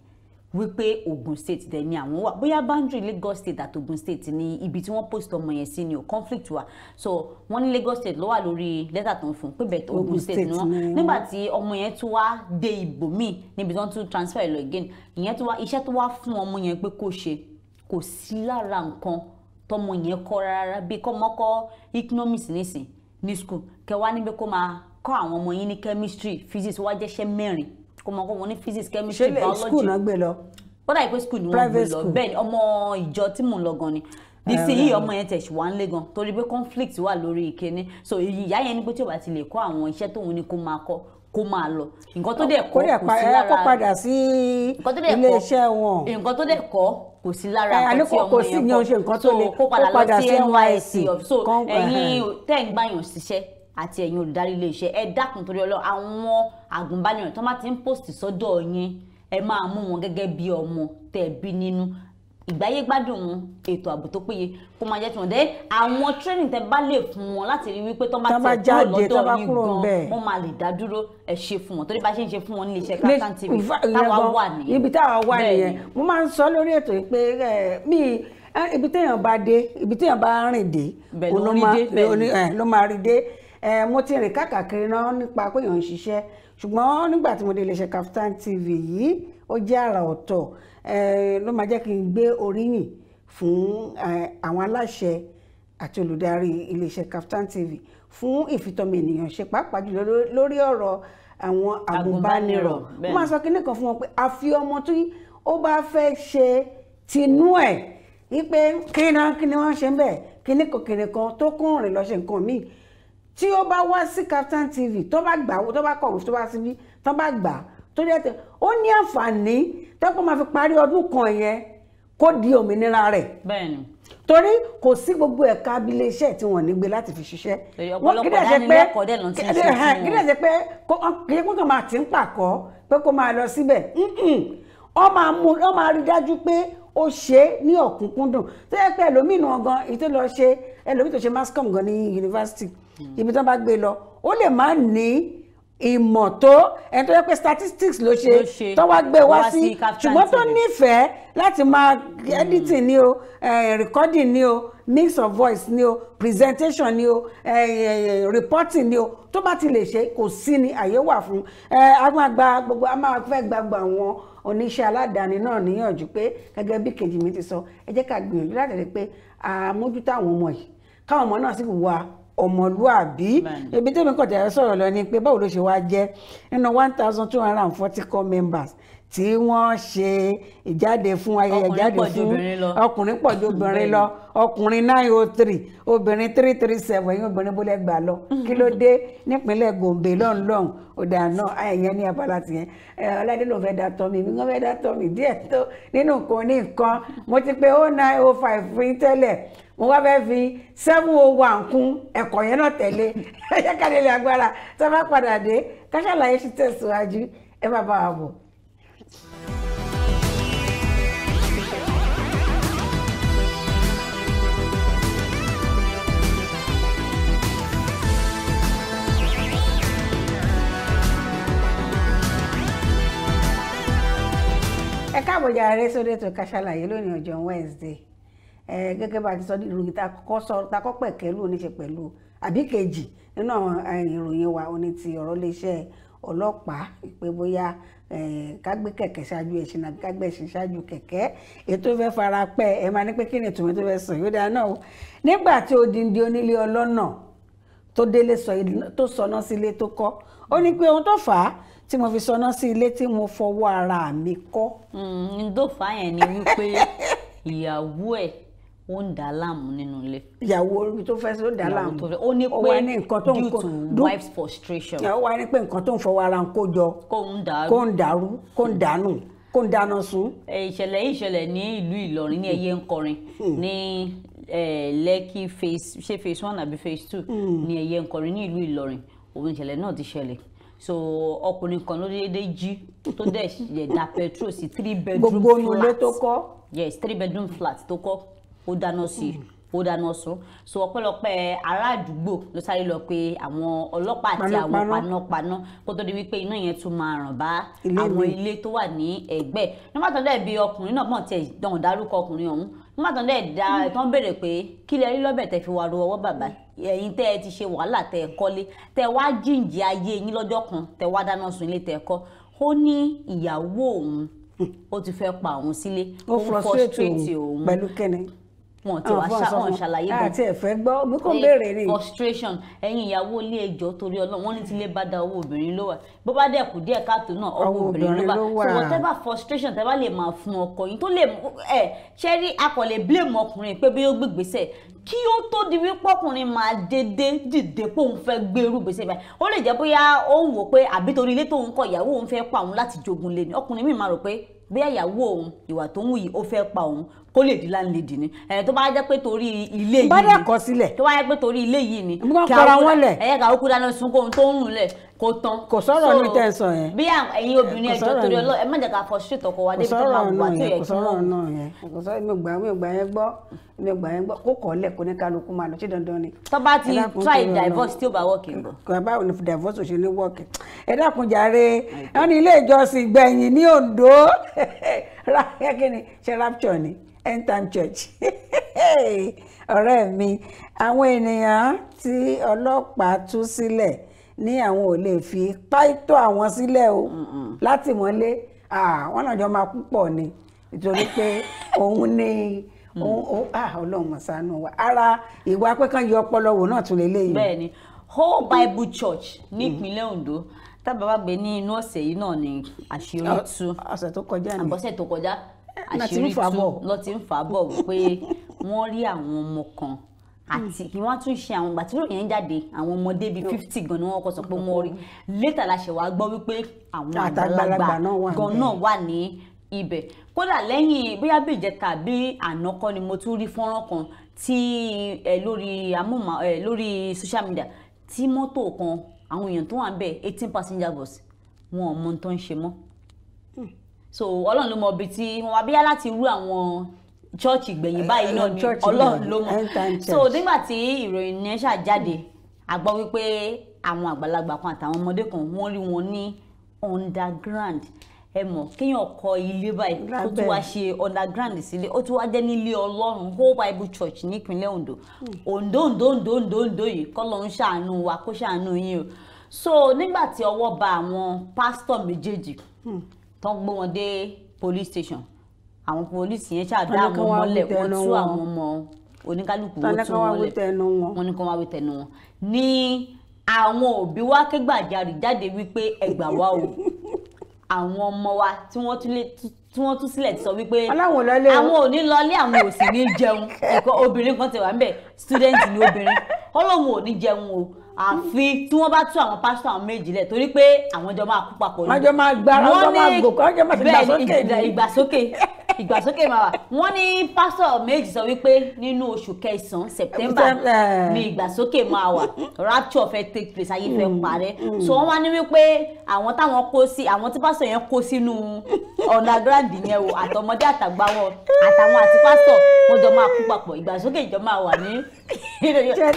wípé Ogun State dẹ̀ ni àwọn wà bóyá boundary Lagos State àti Ogun State ni ibi tí wọ́n post ọmọ yẹn sí ni o conflict wa. so wọ́n ní Lagos State ló wà lórí lẹ́tà tó ń fún pé bẹ̀ẹ̀ Ogun State ni wọ́n nígbà tí ọmọ yẹn tún wá dé ibòmíì níbi tí wọ́n tún transfer lọ again ìyẹn tún wá iṣẹ́ tó wá fún ọmọ yẹn pé kó ṣe kò sí lára nǹkan tọmọ yẹn kọ́ rárá bí kọ́mọ kọ́ economics nísìn ní school kẹwàá níbi kó máa kọ́ àwọn ọmọ yín ní chemistry physics wá jẹ́ṣẹ́ mẹ́rin kò mọ̀ kó wọn ní physics chemistry biology. ṣe lè school náà gbé lọ. ó dàbí pé school ni wọ́n gbé lọ bẹ́ẹ̀ ni ọmọ ìjọ tí mò ń lọ gan ni disi yìí ọmọ yẹn tẹ̀sí wá ń lé gan torí pé conflict wà lórí ìkíní so ìyá yẹn ni pé tí o bá ti lè kọ́ àwọn iṣẹ́ tóun ni kó máa kọ́ kó máa lọ nǹkan tó dẹ̀ kọ́ kò sí lára kó padà sí ilé iṣẹ́ wọn nǹkan tó dẹ̀ kọ́ kò sí lára àti ọmọ yẹn kó sí kó padà lọ sí nysc so ẹ̀yin tẹ́ ń gbàyàn ṣiṣẹ́ àti ẹ̀yin olùdarí iléeṣẹ́ ẹ dákun torí ọlọ́run àwọn àgùnbánirọ̀ tó máa ti ń post sọ́dọ̀ yín ẹ máa mú wọn gẹ́gẹ́ bí ọmọ tẹ̀ bí nínú ìgbáyé gbádùn wọn ètò ààbò tó péye kó máa jẹ́ tí wọ́n dé àwọn training tẹ bá lè fún wọn láti rí wípé tó máa tẹ̀ kúrò lọ́dọ̀ yín gan wọ́n máa lè dá dúró ẹ ṣe fún wọn torí bá ṣe ń ṣe fún wọn níléeṣẹ́ Kaftan TV ibi táwa wà nìyẹn mo máa ń sọ lórí ètò yìí pé mi ibi téèyàn bá dé ibi téèyàn bá rìn dé ló máa rí dé mo ti rìn káàkiri náà nípa pé èèyàn ń ṣiṣẹ́ ṣùgbọ́n nígbà tí mo dé iléeṣẹ́ Kaftan TV yìí ó jẹ́ àrà ọ̀tọ̀ ló máa jẹ́ kí n gbé oríyìn fún àwọn aláṣẹ àti olùdarí iléeṣẹ́ Kaftan TV fún ìfitọ́mọ ènìyàn ṣe pàápàá jùlọ lórí ọ̀rọ̀ àwọn agùnbánirọ̀ wọ́n máa sọ kínní kan fún wọn pé àfi ọmọ tí ó bá fẹ́ ṣe tinú ẹ̀ wípé kíni wọn kíni ṣe ń bẹ̀ kíni kan kíni kan tó kún rìn lọ nǹkan míì tí ó bá wá sí Kaftan TV tó bá gbà tó bá kọ̀wé tó bá síbí tó bá gbà tó jẹ́ tẹ ó ní àǹfààní tẹ́kọ̀ máa fi parí ọdún kan yẹn kó di òmìnira rẹ̀. bẹ́ẹ̀ni torí kò sí gbogbo ẹ̀ka abilé iṣẹ́ tí wọ́n ní gbé láti fi ṣiṣẹ́. wọ́n kí dẹ̀ ṣe pé kí dẹ̀ ṣe pé kí dẹ̀ kó máa ti ń pàkọ́ pé kó máa lọ síbẹ̀ ọ máa mú ọ máa rí dájú pé ó ṣe é ní ọ̀kúnkúndùn tó yẹ pé ẹlòmíì náà gan èyí tó lọ ṣe ẹlòmíì tó ṣe mascom gan ní yunifásitì Mm. ibi tí wọ́n bá gbé lọ ó lè má ní ìmọ̀ tó ẹni tó yẹ pé statistics ló ṣe tó wá gbé wá sí ṣùgbọ́n tó nífẹ̀ẹ́ láti máa mm. editing ni o eh, recording ni o mix of voice ni o presentation ni o eh, eh, reporting ni o tó bá ti lè ṣe kò sí ni àyè wà fún a máa gba gbogbo a máa fẹ́ gbàgbọ́ àwọn oníṣẹ́ aládàáni náà níyànjú pé gẹ́gẹ́ bí kejì mi ti sọ ẹ jẹ́ ká gbìyànjú láti rí pé àmójútó àwọn ọmọ yìí káwọn ọmọ náà sì wà ọmọlúàbí ibi tẹ́mi kọ̀tẹ́ sọ̀rọ̀ lọ ni pé báwo ló ṣe wá jẹ́ nínú one thousand two hundred and forty core members tí wọ́n ṣe ìjáde fún ayẹyẹ ìjáde fún ọkùnrin pọ̀ ju obìnrin lọ ọkùnrin nine oh three obìnrin three three seven yín obìnrin bó lẹ́gbàá lọ kí ló dé nípínlẹ̀ Gombe lọ́nlọ́n ọ̀dà náà àyẹ̀yẹ́ ní abala tìyẹn ọ̀làdé ló fẹ́ da tọ́ mi mi wọ́n fẹ́ da tọ́ mi díẹ̀ tó nínú nǹkan ní nǹkan mo ti pé oh nine oh five fún yín tẹ́lẹ̀ mo wá fẹ́ fi seven oh one kún ẹ̀kọ́ yẹn náà tẹ̀lé ẹ agbára tá a bá padà dé ká ṣàlàyé tẹ̀síwájú ẹ má bá wa bọ̀. ẹ káàbọ̀ jàre sórí ètò Ká lónìí ọjọ́ Wednesday gẹ́gẹ́ bá a ti sọ ní ìròyìn tá kọ́ sọ tá kọ́ pẹ̀kẹ́ ló ní ṣe pẹ̀lú àbí kejì nínú àwọn ìròyìn wa ó ní ti ọ̀rọ̀ iléeṣẹ́ ọlọ́pàá pé bóyá kágbé kẹ̀kẹ́ ṣáájú ẹ̀ṣin àbí kágbé ẹ̀ṣin ṣáájú kẹ̀kẹ́ ètò fẹ́ fara pẹ́ ẹ máa ní pé kí ni tòun tó fẹ́ sùn yóò dáa náà nígbà tí odindi onílé ọlọ́nà tó délé tó sọná sí ilé tó kọ́ ó ní pé ohun tó fà á tí mo fi sọná sí ilé tí mo fọwọ́ ara mi kọ́. Hmm, n tó fà á yẹn ni wípé ìyàwó ẹ̀ ó ń dà á láàmú nínú ilé. ìyàwó tó fẹ́ sọ dà á láàmú ó ní pé due to wife's frustration. ó wá ní pé nǹkan tó ń fọwọ́ ara ń kó jọ kó ń dàrú kó ń dànù kó ń dáná sun. ìṣẹ̀lẹ̀ yìí ṣẹlẹ̀ ní ìlú Ìlọrin ní hmm. ẹyẹ ńkọrin hmm. ní Lẹ́kì phase ṣé phase one àbí phase two hmm. ní ẹyẹ ńkọrin ní ìlú Ìlọrin òun ìṣẹ̀lẹ̀ náà ti ṣẹlẹ̀ so ọkùnrin kan ló déédéé jí tó dẹ̀ da petrol sí three bedroom flat gbogbo onulé tó kọ́. yes three bedroom flat tó kọ́ ó dáná sí i hmm. ó dáná sun so ọpẹ́lọpẹ́ ará àdúgbò ló sáré lọ pé àwọn ọlọ́pàá àti àwọn panápaná kó tó di wípé iná yẹn tún máa ràn bá àwọn ilé tó wà ní ẹ̀gbẹ́ nígbà tó ń dẹ̀ bí ọkùnrin náà mọ̀ tiẹ̀ dán dárúkọ ọkùnrin ọ̀hún nígbà tó hmm. ń dẹ̀ da tán béèrè pé kí lẹ rí lọ́bẹ̀ tẹ fi wá ro ọwọ́ bàbá hmm. ẹ̀yin tẹ́ ẹ ti ṣe wàhálà tẹ́ ẹ kọ́lé tẹ́ wá jíǹjì ayé yín lọ́jọ́ kan tẹ́ wá dáná sun ilé tẹ́ ẹ ó ní ìyàwó òun ó ti fẹ́ pa òun sílé ó frustrate òun pẹ̀lú kẹ́ni wọn ti ah, wá ṣá wọn ṣàlàyé ah, bó àti ẹ̀fẹ́ gbọ́ mi kò béèrè ni. frustration ẹ̀yin ìyàwó ilé ẹjọ́ torí ọlọ́run wọ́n ní tilé bá da owó obìnrin ló wà bó bá dẹ̀ kù káàtó náà ọwọ́ obìnrin ló wà so whatever frustration tẹ́ bá lè máa fún ọkọ yín tó lè ẹ̀ ṣẹ́rí akọ̀lẹ̀ blame ọkùnrin pé bí ó gbégbèsè kí ó tó di wípé ọkùnrin máa dédé dìde pé òun fẹ́ gbèrú gbèsè báyìí ó lè jẹ́ bóyá ó ń wò pé àbí torí ilé tóun kọ ìyàwó òun fẹ́ pa òun láti jogun lé ni ọkùnrin mi máa rò pé bóyá ìyàwó òun ìwà tó ń wù yìí ó fẹ́ pa òun kó lè di láńlẹ́dì ni ẹ tó bá jẹ́ pé torí ilé yìí bá dẹ̀ kọ́ sílẹ̀ tó bá jẹ́ pé torí ilé yìí ni kí àwọn ẹ̀yẹ́ kà ó kú dáná sun kóhun tó ń rùn lẹ̀ kó tán. kò sọ̀rọ̀ ní tẹ̀sán yẹn. bí ẹ̀yin obìnrin ẹ̀jọ̀ torí ọlọ́ ẹ má jẹ́ ká fọ ṣètò ọkọ wa débi tó máa wà tó yẹ kí wọ́n. kò sọ̀rọ̀ náà yẹn kò sọ̀rọ̀ mi gbà mi gbà yẹn gbọ́ mi gbà yẹn gbọ́ kó kọ́lẹ̀ kó ní kálukú máa lọ sí dandan ni. tó ti try divorce tí ó bá work ńkọ́. kò bá divorce ò ṣe ní work. ẹ dákun jàre wọn ní ilé ìjọsìn gbẹ̀yìn ní Ondo ṣe rapture ni end time church ọ̀rẹ́ mi àwọn ènìyàn tí ọlọ́pàá tú sílẹ̀ ní àwọn ò lè fi páìtọ́ àwọn sílẹ̀ o látìmọ́lé wọ́n náà jọ máa púpọ̀ ni nítorí pé òun ni mm. ọlọ́run mọ̀sánú wa ara ìwà pé kán yọ ọpọlọ wò náà tún lélẹ́yìn. bẹ́ẹ̀ni whole bible church nípínlẹ̀ Ondo tábà wá gbé ní inú ọ̀sẹ̀ yìí náà ni àṣírí tú ọ̀sẹ̀ tó kọjá ni àbọ̀sẹ̀ tó kọjá àṣírí tú lọ ti ń fà á bọ̀ pé wọ́n rí àwọn ọmọ kan àti kí wọ́n tún ṣe àwọn ìgbà tí ìròyìn jáde àwọn ọmọdé bíi fifty gan ni wọ́n kọ́ sọ pé wọ́n rí later la ṣe wá gbọ́ wípé àwọn àgbàlagbà gan náà wà ní ibẹ̀ kódà lẹ́yìn bóyá bí ìjẹta bí àná kọ́ ni mo tún rí fọ́nrán kan tí ẹ lórí amóhùnmá ẹ lórí social media tí mọ́tò kan àwọn èèyàn tó wà ń bẹ̀ eighteen passenger bus wọn ò mọ ohun tó ń ṣe mọ́. Hmm so ọlọ́run ló mọ ibi tí wọ́n wá bí yá láti rú àwọn church gbẹ̀yìn eh, báyìí eh, náà eh, ni ọlọ́run ló mọ̀ so nígbà tí ìròyìn yẹn ṣàjáde a gbọ́ wípé àwọn àgbàlagbà kan àtàwọn ọmọdé kan wọ́n rí wọn ní underground ẹ mọ̀ kéèyàn kọ ilé báyìí ó tún wá ṣe underground sílé ó tún wá jẹ́ nílé ọlọ́run whole bible church nípínlẹ̀ ondo ondo ondo ondo ondo ondo yìí kọ́lọ́run ṣàánú wa kó ṣàánú yín o so nígbà tí ọwọ́ bá àwọn pásítọ̀ méjèèjì. Hmm tó ń wọn dé police station àwọn police yẹn ṣáà dá àwọn ọmọ lẹ̀ wọ́n tú àwọn ọmọ oníkálukú wọ́n tú wọn lẹ̀ wọ́n ní kó wá wí tẹnu wọn ní àwọn òbí wa kẹ́gbàjarì jáde wípé ẹgbà wa o àwọn ọmọ wa tí wọ́n tún lè tí wọ́n tún sílẹ̀ sọ wípé àwọn ò ní lọlé àwọn ò sì ní jẹun obìnrin kan ti wà ń bẹ̀ student ni obìnrin ọlọ́run ò ní jẹun o àfi tí wọ́n bá tú àwọn pásítọ̀ àwọn méjì lẹ̀ torí pé àwọn jọ máa kú papọ̀ lónìí. wọ́n jọ máa gbára wọ́n jọ máa gòkè wọ́n jọ máa ti gbàsókè. bẹ́ẹ̀ ni ìgbàsókè ìgbàsókè máa wà wọ́n ní pásítọ̀ méjì sọ wípé nínú oṣù kẹsàn-án september eh. ni ìgbàsókè máa wà rapture fẹ́ take place ayé fẹ́ mm, parẹ́ mm. so wọ́n wá ní wípé àwọn táwọn kó sí àwọn tí pásítọ̀ yẹn kó sínú underground yẹn o àtọmọdé àtàgbà wọn àtàwọn àti pásítọ̀ wọ́n jọ máa kú papọ̀ ìgbàsókè ìjọ máa wà ní tẹ́ẹ̀bá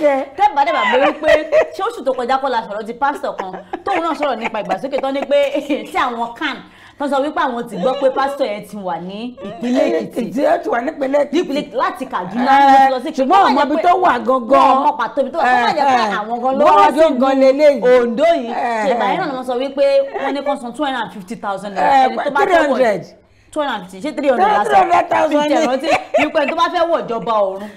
dẹ̀ bàbá wípé ṣé oṣù tó kọjá kọ́ la sọ̀rọ̀ ti pásítọ̀ kan tóun náà sọ̀rọ̀ nípa ìgbàsókè tó ní pé tí àwọn kan tó sọ wípé àwọn ti gbọ́ pé pásítọ̀ yẹn ti wà ní ìpínlẹ̀ eh, èkìtì èkìtì yẹn ti wà nípínlẹ̀ èkìtì láti kaduna lọ sí eh, ṣùgbọ́n ọmọ ibi tó wà gangan ọmọ pàtó ibi tó wà kó má jẹ́ pé eh, àwọn gan lọ́wọ́ sí ní ondo yìí ṣègbà yẹn náà wọ́n sọ wípé wọ́n ní kan san two hundred and fifty thousand naira ẹni tó bá tẹ̀ wọ̀ two hundred and fifty ṣé three hundred lásán three hundred thousand ní ìrántí wípé tó bá fẹ́ wọ̀ jọba ọ̀run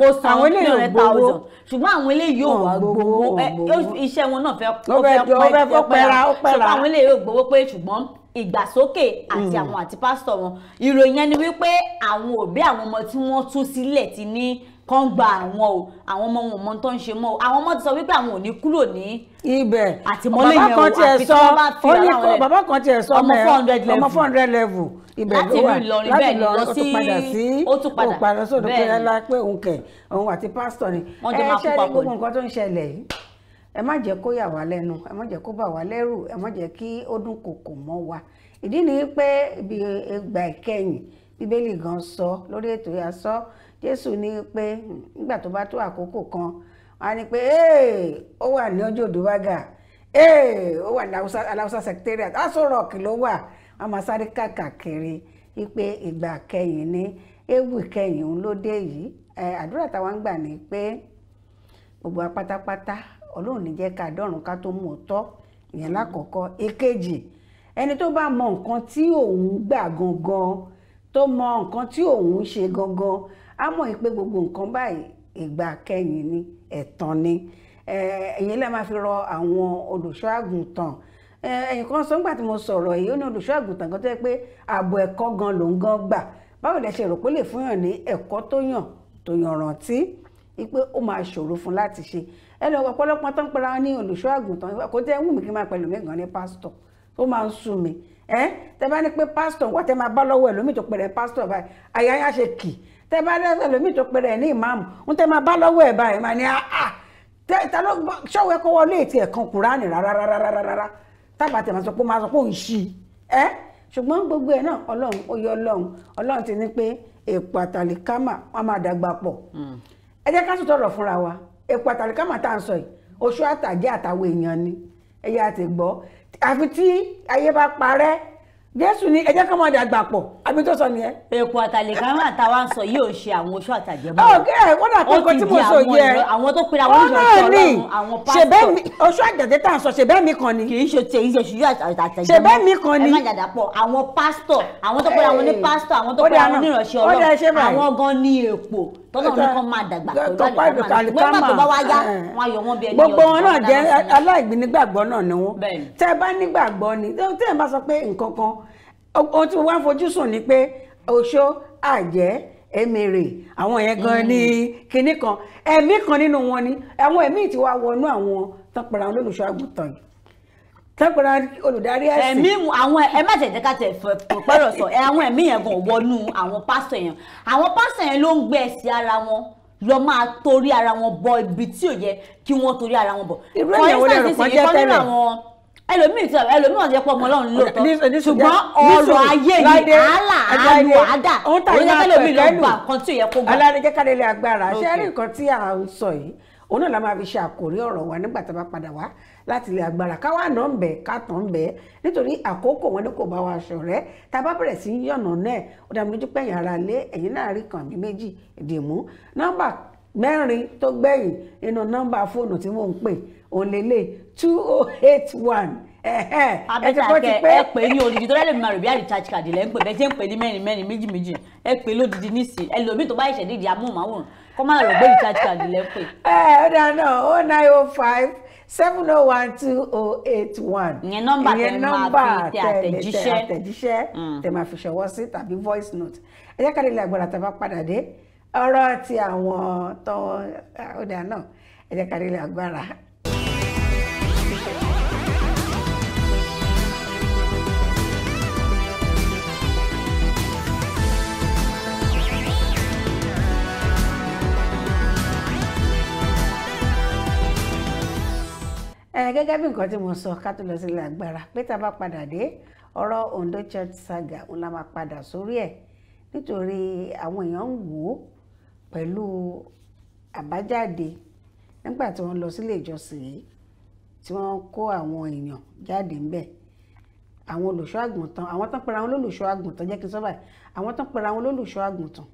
kò san three hundred thousand ṣùgbọ́n àwọn eléyìí ò wá gbowó iṣẹ́ wọn náà fẹ́ pẹ́ra ó pẹ́ra ṣùgbọ́n àwọn eléyìí ò gbowó pé ṣùgbọ́n ìgbàsókè àti mm. àwọn àti pásítọ̀ wọn ìròyìn ẹni wípé àwọn òbí àwọn ọmọ tí wọ́n tú sílẹ̀ ti ní kàn gba àwọn o àwọn ọmọ wọn mọ tó ń ṣe mọ o àwọn ọmọ ti sọ wípé àwọn ò ní kúrò ní. ibẹ̀ àtìmọ́lé yẹn o àfi tí wọ́n bá fi ara wọn lẹ bàbá kan tiẹ̀ sọ ọmọ four hundred level ọmọ four hundred level ibẹ̀ ló wà láti lọ lọ sí ó tún padà sí ó padà sọ́dọ̀ pé ẹ la pé òun kẹ̀ òun àti pásítọ̀ ni ẹ ṣe gbogbo nǹkan tó ń ṣẹlẹ̀ yìí. ẹ má jẹ́ kó yà wá lẹ́nu ẹ má kó bà wá ẹ má kí ó dún kòkò mọ wa ìdí ni pé ibi ìgbà ìkẹyìn bíbélì gan sọ lórí ètò yà sọ jésù ni pé nígbà tó bá tó àkókò kan a ni ní pé ó wà ní ọjọ́ ee ó wà ní aláwùsá secretariat aṣọ rock ló wà sarika máa sáré igba wípé ìgbà kẹyìn ni ewu kẹyìn ló dé yìí àdúrà táwọn ń gbà ní pé gbogbo apátápátá ọlọ́run ní jẹ́ ká dọ́run ká tó mú ọ tọ́ ìyẹn lákọ̀ọ́kọ́ èkejì ẹni tó bá mọ nǹkan tí òun gbà gangan tó mọ nǹkan tí òun ṣe gangan á mọ̀ pé gbogbo nǹkan báyìí ìgbà kẹ́yìn ni ẹ̀tàn ni ẹ̀yin lẹ́ẹ̀ máa fi rọ àwọn olùṣọ́ àgùntàn ẹ̀yin kan sọ nígbà tí mo sọ̀rọ̀ yìí ó ní olùṣọ́ àgùntàn kan tó yẹ pé ààbọ̀ ẹ̀kọ́ gan lòún gan gbà báwo lẹ ṣe rò pé lè fún yàn ní ẹ̀kọ́ tó yàn tó yàn rántí pé ó máa ṣòro fún láti ṣe ẹ lọ ọ̀pọ̀lọpọ̀ tó ń pera ní olùṣọ́ àgùntàn kò tẹ́ wù mí kí n máa pẹ̀lú mi gan ní pásítọ̀ ó máa ń sú mi ẹ tẹ bá ní pé pásítọ̀ nǹkan tẹ máa bá lọ́wọ́ ẹ lómi tó pẹ̀rẹ̀ pásítọ̀ báyìí àyà yà ṣe kì tẹ bá lẹ́sẹ̀ lómi tó pẹ̀rẹ̀ ní ìmáàmù ń tẹ máa bá lọ́wọ́ ẹ báyìí máa ní àà ah, ah. tẹ ló ṣọ́wọ́ ẹ kó wọlé ètí ẹ̀kan kùránì rárárárárá tábà tẹ̀ máa sọ pé máa sọ pé òun ṣí ẹ ṣùgbọ́n gbogbo ẹ̀ náà ọlọ́run ó yọ ọlọ́run ọlọ́run ti ní pé èpò àtàlẹ́kámà wọn máa dàgbà pọ̀ hmm ẹ jẹ́ ká sì tọrọ fúnra wa èpo àtàlíkàmà tá à ń sọ yìí oṣù àtàjẹ́ àtàwọn èèyàn ni ẹ̀yà àti gbọ́ àfi tí ayé bá parẹ́ jésù ní ẹ jẹ́ ká máa dàgbà pọ̀ àbí tó sọ nìyẹn. èpo àtàlíkàmà táwa ń sọ yìí ò ṣe àwọn oṣù àtàjẹ́ mọ́. ọ̀gá ẹ̀ wọ́n dà kókó tí mo sọ yẹ àwọn tó pinnu àwọn ìjọ ọlọ́run àwọn pásítọ̀. oṣù àtàjẹ́ tá à ń sọ ṣèbẹ́ mi kan ni. kì í ṣe tẹ iṣẹ́ oṣù àtàjẹ́ mọ́ ṣèbẹ́ mi kan ni. ẹ má dàdà pọ̀ àwọn pásítọ̀ tọ́lọ́ ní kọ́ máa dàgbà pẹ̀lú àlùkò nígbà tó bá wá yá wọn ayọ̀ wọn bí ẹni gbogbo wọn náà jẹ́ aláìgbínigbàgbọ́ náà ni wọn tẹ́ ẹ bá nígbàgbọ́ ni tẹ́ ẹ bá sọ pé nǹkan kan ohun tí wọ́n á fojú sùn ni pé oṣó àjẹ́ emèrè àwọn yẹn gan ni mm. kinní kan ẹ̀mí kan nínú wọn ni àwọn ẹ̀mí tí wàá wọnú àwọn tán àwọn olólùṣọ́ àgùntàn yìí temporary olùdarí ẹ̀sìn. ẹ̀mí àwọn ẹ má tẹ̀jẹ̀ ká tẹ̀ pẹ̀rọ sọ àwọn ẹ̀mí yẹn gan wọnú àwọn pásítọ̀ yẹn àwọn pásítọ̀ yẹn ló ń gbé ẹ̀sìn ara wọn lọ máa torí ara wọn bọ ibi tí ò yẹ kí wọ́n torí ara wọn bọ̀. irú ẹ̀yàn lè rò pọ́n tẹ́lẹ̀ ẹlòmíì tí ẹlòmíì ọ̀sẹ̀ pọ̀ ọmọ ọlọ́run lóòótọ́ ṣùgbọ́n ọ̀rọ̀ ayé yìí àálà àlù àdà òun tàbí ẹlòmíì lọ́gbà kan tí ò yẹ kó gbà. alárinjẹ́kálẹ̀ agbára ṣé ẹ rí nǹkan tí à sọ yìí òun náà la máa fi ṣe àkòrí ọ̀rọ̀ wa nígbà tá a bá padà wá láti ilé agbára káwá náà ń bẹ̀ ká tàn ń bẹ̀ nítorí àkókò wọn ni kò bá wa ṣọ̀rẹ́ tá a bá bẹ̀rẹ̀ sí yànnà náà ó dá mi lójú pẹ̀yìn ara lé ẹ̀yìn náà rí kàn mí méjì dìmú nọ́mbà mẹ́rin tó gbẹ̀yìn nínú nọ́mbà fóònù tí mò ń pè òun lélẹ̀ two oh eight one abẹ́tàkẹ́ ẹ pè ní odidi tó lẹ́lẹ̀ máa rò bí àríṣàjì kàdé lẹ́ ń pè bẹ́ẹ̀ jẹ́ ń pè ní mẹ́rin mẹ́rin méjì méjì ẹ pè lódidi nísìnyí ẹlòmíì tó bá ṣẹ̀ṣẹ̀ dídì amóhùnmáwòrán kó má lọ gbé recharge card lẹ́pẹ̀. ẹ ẹ ọ̀dà o nine oh five seven oh one two oh eight one. ìyẹn nọ́mbà tẹ máa fi tẹ àtẹ̀jíṣẹ́ àtẹ̀jíṣẹ́ mm. tẹ máa fi ṣọwọ́ sí tàbí voice note ẹ jẹ́ ká lè lágbára tá a bá padà dé ọ̀rọ̀ ti àwọn tó ọ̀dà náà ẹ jẹ́ ká lè lágbára gẹ́gẹ́ bí nǹkan tí mo sọ ká tó lọ sí lágbára pé tá a bá padà dé ọ̀rọ̀ Ondo Church Saga òun la máa padà sórí ẹ̀ nítorí àwọn èèyàn ń wò ó pẹ̀lú àbájáde nígbà tí wọ́n lọ sílé ìjọsìn yìí tí wọ́n kó àwọn èèyàn jáde ńbẹ̀ àwọn olùṣọ́ àgùntàn àwọn tán pera wọn lólùṣọ́ àgùntàn jẹ́ kí n sọ báyìí àwọn tán pera wọn lólùṣọ́ àgùntàn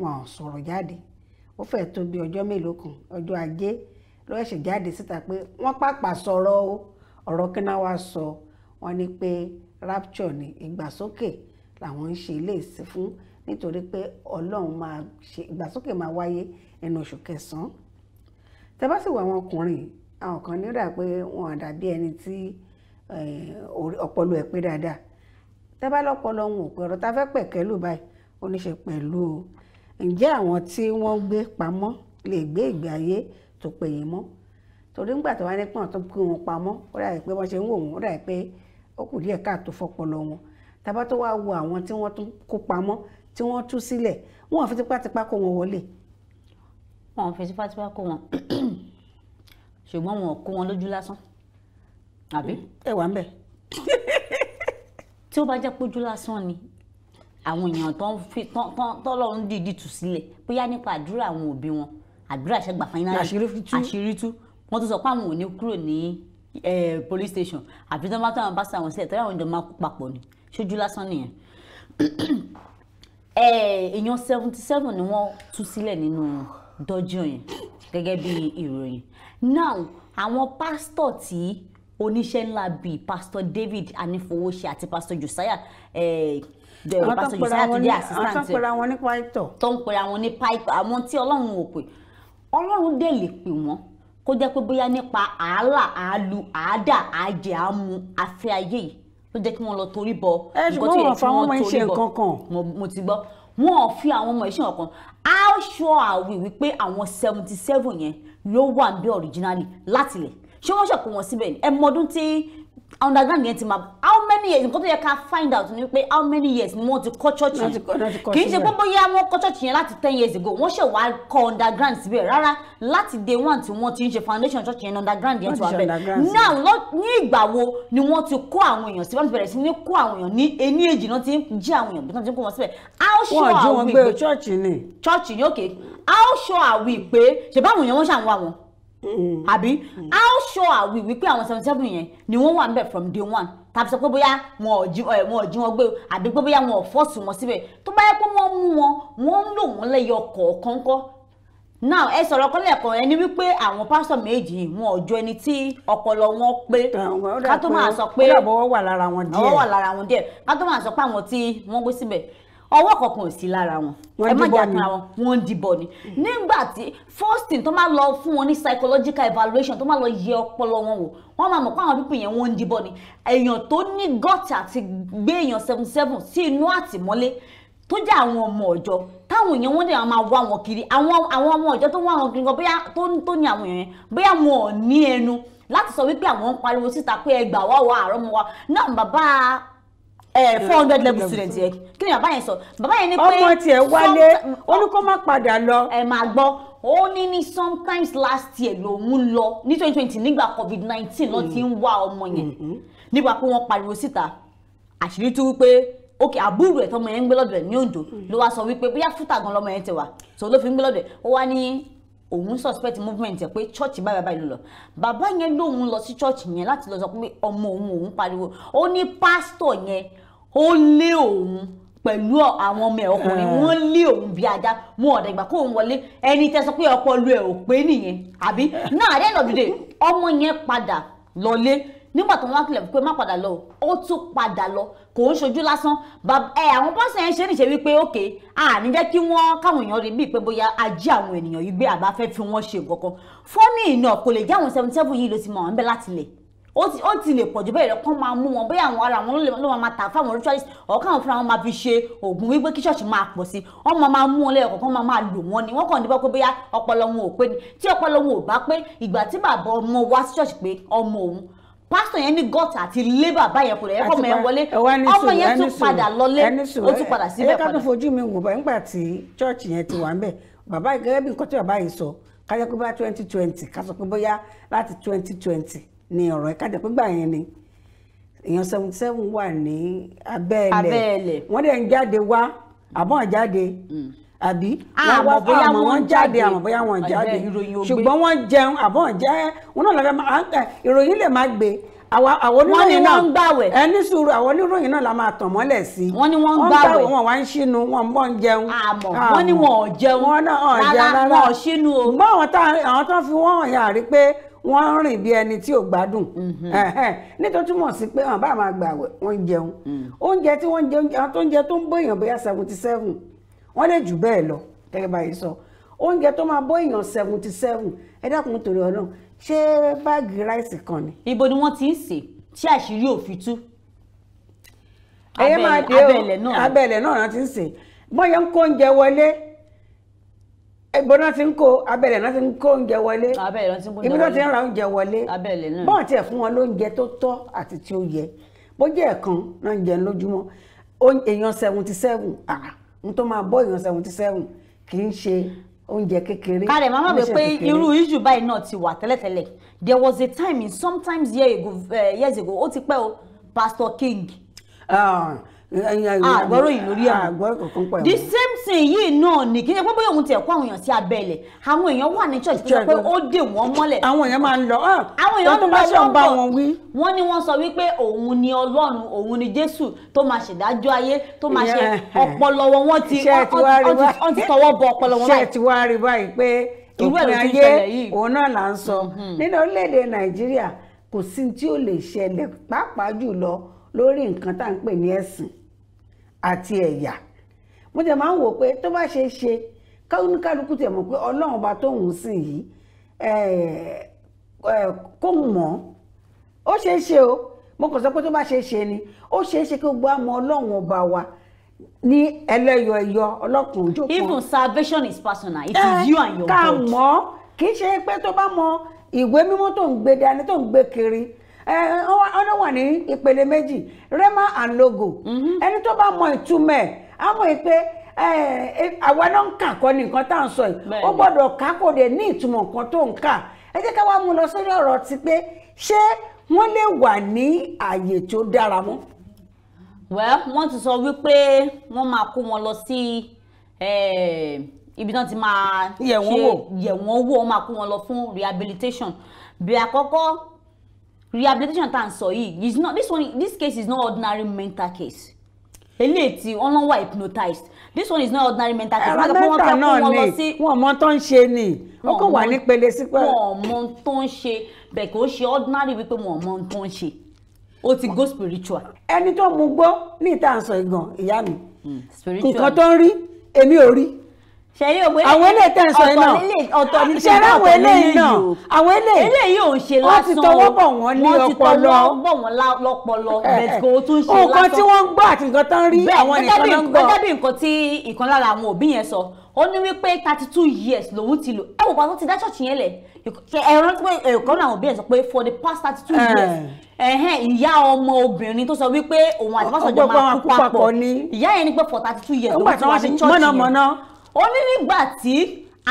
wọn ò sọ̀rọ̀ jáde ó fẹ́ẹ̀ tó bí ọjọ́ mélòó kan ọjọ́ ajé ló ṣe jáde síta pé wọ́n pàpà sọ̀rọ̀ o ọ̀rọ̀ kí náà wá sọ wọ́n ní pé rapture ni ìgbàsókè làwọn ń ṣe ilé ìsìn fún nítorí pé ọlọ́run máa ṣe ìgbàsókè máa wáyé ẹnu oṣù kẹsàn-án tẹ́ bá sì wọ àwọn ọkùnrin àwọn kan nígbà pé wọn àdàbí ẹni tí eh, ọpọlọ ẹ̀ pé dáadáa tẹ́ bá wọn ò pé ọ̀rọ̀ tá a fẹ́ pẹ̀kẹ́ báyìí ó ní ṣe pẹ̀lú ǹjẹ́ àwọn tí wọ́n gbé pamọ́ lè gbé ìgbé ayé tó pè yẹn mọ́ torí ńgbà tó wá ní pọ̀n tó gbé wọn pamọ́ ó dàbí pé wọ́n ṣe ń wò wọ́n ó dàbí pé ó kù díẹ̀ káàtó fọpọlọ wọn tàbá tó wá wo àwọn tí wọ́n tún kó pamọ́ tí wọ́n tú sílẹ̀ wọn fi tipátipá kó wọn wọlé. wọn fi tipátipá kó wọn ṣùgbọ́n wọn kó wọn lójú lásán àbí. ẹ wà ń bẹ. tí ó bá jẹ́ pójú lásán ni àwọn èèyàn tó ń dìídì tù sílẹ̀ bóyá nípa àdúrà àwọn òbí wọn àdúrà ṣe gbà fáínà àṣírí tú wọ́n tún sọ pé àwọn ò ní kúrò ní police station àfi tó bá tó àwọn bá sàwọn sílẹ̀ tẹ́lẹ̀ àwọn ìjọ máa kú papọ̀ ni ṣojú lásán nìyẹn èèyàn seventy seven ni wọ́n tú sílẹ̀ nínú dọ́jú yẹn gẹ́gẹ́ bí ìròyìn now àwọn pásítọ̀ tí oníṣẹ́ ńlá bíi pásítọ̀ David Anífowóṣe àti pásítọ̀ Josiah Pastor Josiah tó jẹ́ assistant tó ń pera wọn ní pásítọ̀ tó ń pera wọn ní pásítọ̀ àwọn tí Ọlọ́run ò pè ọlọ́run dẹ̀ lè pè wọ́n kó jẹ́ pé bóyá nípa àálà àálù àádà àjẹ àmú afẹ́ ayé yìí ló jẹ́ kí wọ́n lọ torí bọ nǹkan tó yẹ kí wọ́n torí bọ mo ti gbọ́ wọn ò fi àwọn ọmọ ẹ̀ṣẹ̀ ọ̀kan how sure are we wípé àwọn seventy seven yẹn ló wà ń bẹ originally látilẹ̀ ṣé wọ́n ṣẹ̀kọ́ wọn síbẹ̀ ẹ mọ ọdún tí underground yẹn ti ma how many years nǹkan tó yẹ ká find out ni pé how many years ni wọ́n ti kọ́ church yẹn kì í ṣe pé bóyá wọ́n kọ́ church yẹn láti ten years ago wọ́n ṣe wá kọ́ underground síbẹ̀ rárá láti day one tí wọ́n ti ń ṣe foundation church yẹn underground yẹn ti wà bẹ́ẹ̀ now ní ìgbà wo ni wọ́n ti kó àwọn èèyàn síbẹ̀ wọ́n ti bẹ̀rẹ̀ sí ní kó àwọn èèyàn ní ení èjì náà ti ń jí àwọn èèyàn bí wọ́n ti ń kó wọn síbẹ̀ how sure we pé church yìí okay how sure are we pé ṣe báwọn èèyàn wọ́n ṣàwọn àwọn Mm. àbí mm. how sure are we wípé àwọn seventy seven yẹn ni wọ́n wà ń bẹ̀ from day one tàbí sọ pé bóyá wọn ò jí eh, wọn ò jí wọn gbé o àbí pé bóyá wọn ò fọ́ọ̀sì wọn síbẹ̀ tó bá yẹ pé wọ́n mú wọn wọ́n ń lò wọ́n lẹ́yọ kọ̀ọ̀kan now ẹ sọ̀rọ̀ kọ́lẹ̀ kan ẹni wípé àwọn pásítọ̀ méjì yìí wọn ò jọ ẹni tí ọpọlọ wọn pé ká tó máa sọ pé ọwọ́ wà lára wọn díẹ̀ ká tó máa sọ pé àwọn tí wọ́n gbé síbẹ̀ ọwọ́ kọ̀ọ̀kan ò sí lára wọn ẹ má jà kan àwọn wọn ń dìbò ni mm. nígbà tí first thing tó máa lọ fún wọn ní psychological evaluation tó máa lọ yẹ ọpọlọ wọn wò wọn máa mọ̀ pé àwọn pípìn yẹn wọn ń dìbò ni èèyàn tó ní gọ́tì àti gbé èèyàn seven seven sí inú àtìmọ́lé tó jẹ́ àwọn ọmọ ọ̀jọ́ táwọn èèyàn wọn dẹ̀ máa wá wọn kiri àwọn àwọn ọmọ ọ̀jọ́ tó wá wọn kiri bóyá tó ní àwọn èèyàn yẹn bóyá wọn ò ní ẹnu láti sọ wípé àwọn ń pariwo síta pé ẹgbàá wà wà àrọ́mọ wa náà bàbá Eh, four hundred level student yẹ kí ni bàbá yẹn sọ bàbá yẹn ní pé ọmọ tiẹ̀ wálé ó má padà lọ. ẹ eh, máa gbọ́ ó ní ní sometimes last year lòun lọ ní twenty twenty nígbà covid nineteen ló ti ń wá ọmọ yẹn mm-hmm. nígbà pé wọ́n pariwo síta àṣírí tú wípé ok àbúrò ẹ̀ tọmọ yẹn ń gbé lọ́dọ̀ ẹ̀ ní Ondo mm-hmm. ló wá sọ wípé bóyá fúta gan lọmọ yẹn ti wà tó ló fi ń gbé lọ́dọ̀ ẹ̀ ó wá ní òun suspect movement ẹ pé church báyìí báyìí ló lọ bàbá yẹn lòun lọ sí church yẹn láti lọ sọ pé ọmọ òun òun pariwo ó ní pásítọ̀ yẹn ó lé òun pẹ̀lú àwọn ọmọ ẹ̀ ọkùnrin hmm. wọ́n lé òun bí ajá wọn ọ̀dẹ̀ ìgbà kóun wọlé ẹni tẹ́ sọ pé ọpọlọ ẹ̀ ò pé nìyẹn àbí náà àdé ìnàdúdè ọmọ yẹn padà lọlé nígbà tó ń wá kílẹ̀ pé má padà lọ ó tún padà lọ kò ń ṣojú lásán ẹ àwọn pásítọ̀ yẹn ṣe níṣe wípé òkè àní jẹ́ kí wọ́n káwọn èèyàn rí bíi pé bóyá ajé àwọn ènìyàn yìí gbé àbáfẹ́ fi wọ́n ṣe nǹkan kan fọ́nì ìnà kò lè jẹ́ àwọn seventy seven yìí ló ti mọ̀ ọ́n bẹ́ látilẹ̀ ó ti ó ti lè pọ̀jù bẹ́ẹ̀ rẹ̀ kán máa mú wọn bóyá àwọn ara wọn ló máa ta fáwọn ritualist ọ̀kan àwọn fúnra wọn máa fi ṣe oògùn wípé kí ṣọ́ọ̀ṣì máa pọ̀ sí wọ́n máa máa mú wọn lẹ́yọ̀ kọ̀ọ̀kan máa máa lò wọ́n ni wọ́n kàn ní pé bóyá ọpọlọ wọn ò pé ni tí ọpọlọ wọn ò bá pé ìgbà tí bàbá ọmọ wá sí ṣọ́ọ̀ṣì pé ọmọ òun pásítọ̀ yẹn ní gọ́ọ̀tà àti ilé bàbá yẹn kò lè ẹ̀kọ́ mọ̀ ẹ́ wọlé ọmọ yẹn tún padà lọlé ó tún padà síbẹ̀ padà. ẹ ká tó fojú mi wò báyìí nígbà tí chọ́ọ̀chì yẹn ti wà ń bẹ̀ bàbá gẹ́gẹ́ bí nǹkan tí bàbá yìí sọ ká jẹ́ pé bá twenty twenty ká sọ pé bóyá láti twenty twenty ni ọ̀rọ̀ yìí kàdé pígbà yẹn ni èèyàn seventy seven wà ní abẹ́ẹ̀lẹ̀ wọ́n dẹ̀ ń jáde wá àbọ̀n jáde mm. àbí ah, wọ́n wá fún àmọ́ wọ́n jáde àmọ́ bóyá wọ́n jáde ṣùgbọ́n wọ́n jẹun àbọ̀n jẹ́ wọn náà lọ́dọ̀ ìròyìn lè má gbé àwọn oníròyìn náà wọ́n gbàwẹ̀ ẹni sùúrù àwọn oníròyìn náà la máa tàn mọ́lẹ̀ sí wọ́n ní wọ́n gbàwẹ̀ wọ́n wá ń ṣínú wọ́n ń bọ́ ń jẹun àmọ́ wọ́n ní wọ́n ò jẹun rárá wọ́n ò ṣínú o. gbọ́n àwọn tó ń fi wọ́n hàn yà rí pé wọ́n rìn bí ẹni tí ò gbádùn mhm. nítorí túmọ̀ sí pé wọn bá máa gbà wọ́n jẹun mm. oúnjẹ tí wọ́n jẹun àwọn tó ń jẹ tó ń bó èèyàn bóyá seventy seven wọ́n lè jù bẹ́ẹ̀ lọ gẹ́gẹ́ báyìí sọ oúnjẹ tó máa bó èèyàn seventy seven ẹ dákun torí ọlọ́run ṣé báàgì ráìsì kan ni. ibo ni wọ́n ti ń sè tí àṣírí ò fi tú abẹ́lẹ̀ náà abẹ́lẹ̀ náà ti ń sè bọ́yọ̀ ń kó oúnjẹ wọlé ìbọn náà ti ń kó abẹ́lẹ̀ náà ti ń kó oúnjẹ wọlé abẹ́lẹ̀ náà ti ń kó oúnjẹ wọlé ibi náà ti ń ra oúnjẹ wọlé abẹ́lẹ̀ náà bọ́ọ̀ tiẹ̀ fún wọn lóúnjẹ tó tọ́ àti tí ó yẹ bó jẹ́ ẹ̀kan náà ń jẹ lójúmọ́ èèyàn seventy seven n tó máa bọ́ èèyàn seventy seven kì í ṣe oúnjẹ kékeré. kárẹ̀ màmá mi pé irú issue báyìí náà ti wà tẹ́lẹ̀tẹ́lẹ̀ there was a time in sometimes eh, years ago ó ti pẹ́ o Pastor King. Uh, Ah, àgbọ̀rọ̀ yìí lórí ẹ̀ ah, the same thing yìí náà ni kí ẹ pé bóyá òun tiẹ̀ kó àwọn èèyàn sí abẹ́lẹ̀ àwọn èèyàn wà ní church tó sọ pé ó dè wọ́n mọ́lẹ̀. àwọn èèyàn máa ń lọ ah, àwọn èèyàn tó bá ṣe ń bá wọn wí. wọ́n ní wọ́n sọ wípé òun ni ọlọ́run òun ni jésù tó máa ṣèdájọ́ ayé tó máa ṣe ọpọlọ wọn wọ́n ti tọwọ́ bọ ọpọlọ wọn báyìí. ṣé ti wá rí báyìí pé mm-hmm. lórí nǹkan tá à ń pè ní ẹ̀sìn àti ẹ̀yà mo dẹ̀ máa ń wò pé tó bá ṣe ṣe kálukú tẹ̀ pé ọlọ́run ọba tóun sìn yìí kóun mọ̀ ó ṣe é ṣe o mo kàn sọ pé tó bá ṣe é ṣe ni ó ṣe é ṣe kí gbogbo àmọ́ ọlọ́run ọba wa ní ẹlẹ́yọ kan. even salvation is personal it is you and your God. mọ ìwé mímọ́ tó ń gbé dání tó ń kiri ọ̀nà eh, wà ní ìpele méjì rema and logo mhm. ẹni tó bá mọ ìtumọ̀ ẹ̀ á mọ̀ pé eh, àwa náà ń kà kọ́ ní nǹkan tá à ń sọ yìí ó gbọ́dọ̀ ká kò dé ní ìtumọ̀ nǹkan tó ń kà ẹ jẹ́ ká wá mú lọ sórí ọ̀rọ̀ ti pé ṣé wọ́n lè wà ní àyè tó dára mọ́. well wọ́n ti sọ wípé wọ́n máa kó wọn lọ sí eh, ibi náà ti máa yẹ̀ wọ́n wò wọ́n máa kó wọn lọ fún rehabilitation bí àkọ́kọ́ rehabilitation tá à ń sọ yìí is not this one this case is not ordinary mental case eléyìí tí wọn lọ wà hypnotized this one is not ordinary mental case. ẹ̀rọ mẹ́ta náà ni wọn mọ tó ń ṣe ni wọn kò wà ní pele sí pé. wọn mọ tó ń ṣe bẹ́ẹ̀ kò ṣe ordinary wípé wọn mọ tó ń ṣe o ti go spiritual. ẹni tó mú gbọ́ ní ìta àǹsọ̀ ìgàn ìyá mi hmm, nǹkan tó ń rí èmi ò rí ṣẹ̀rí ògbé àwọn eléyìí tẹ̀ sọ iná ọ̀tọ̀ ní ṣe ráwọn eléyìí náà àwọn eléyìí eléyìí ò ń ṣe lásán wọ́n ti tọwọ́ bọ̀ wọ́n ní ọpọlọ wọ́n ti tọwọ́ bọ̀ wọ́n lọ́pọlọ bẹ̀tùkọ̀ eh, ó tún ṣe lásán nǹkan tí wọ́n ń gbọ́ àti nǹkan tán rí àwọn nìkan náà ń gbọ́. gẹ́gẹ́ bí nǹkan tí ìkan lára àwọn òbí yẹn sọ ó ní wípé thirty two years lòun ti lò ẹ wò pàtó ti dá ṣọ́ọ̀ṣì yẹn lẹ̀ ẹ̀rọ pé ẹ̀kọ́ náà òbí ẹ̀ sọ pé for the past thirty two eh. years ẹ̀hẹ́n ìyá ọmọ obìnrin tó sọ wípé òun àti pásọ̀jọ́ máa kú papọ̀ ìyá yẹn ni pé for thirty two years lòun ti wà ní ṣọ́ọ̀ṣì yẹn ó ní nígbà tí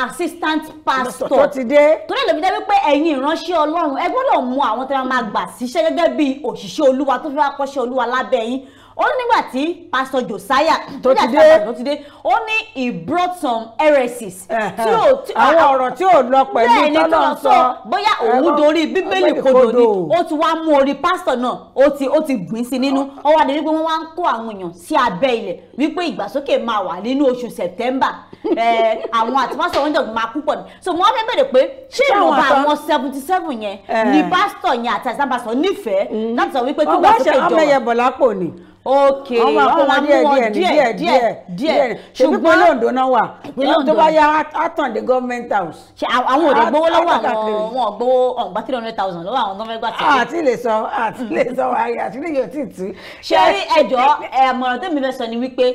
assistant pastor tó ti dé torí èlò mi dé wípé ẹ̀yin ìránṣẹ́ ọlọ́run ẹ gbọ́dọ̀ mú àwọn tí wọ́n máa gbà síṣẹ́ gẹ́gẹ́ bí òṣìṣẹ́ olúwa tó fi wá kọ́ṣẹ́ olúwa lábẹ́ yín ó ní nígbà tí pastor josiah tó ti dé tó ti dé ó ní he brought some heresies tí ó àwọn ọ̀rọ̀ tí ó lọ pẹ̀lú tọ́lọ́ sọ bóyá òun dorí bíbélì kodò ni ó ti wá mú orí pastor náà ó ti ó ti gbìn sí nínú ó wá di wípé wọ́n wá ń kó àwọn èèyàn sí abẹ́ ilẹ̀ wípé ìgbàsókè máa wà nínú oṣù september Eh, àwọn àtìmọ́sọ̀ oúnjẹ ògùn máa púpọ̀ ni so mo fẹ́ bèrè pé ṣé ìwọ̀nba àwọn seventy seven yẹn eh. ni pásítọ̀ yẹn àti àìsàbàṣọ nífẹ̀ẹ́ mm. láti sọ wípé kí gbàgbé ìjọba. ọwọ́ ṣe ọmọ ẹyẹ bọ̀lá pò ní okay ọmọ akọmọ díẹ̀ díẹ̀ díẹ̀ díẹ̀ ṣùgbọ́n pínlẹ̀ Ondo náà wà pínlẹ̀ tó bá yá àtàn dé government house. ṣe àwọn òde gbowó lọ́wọ́ àwọn wọn gbowó ọ̀gbá three hundred thousand lọ́wọ́ àwọn gọ́mẹ́gbà tí. Ah, àti lè sọ àti lè sọ àti lè yóò tì tì. ṣe rí ẹjọ́ ẹ̀mọ̀ràn tẹ́mi fẹ́ sọ ni wípé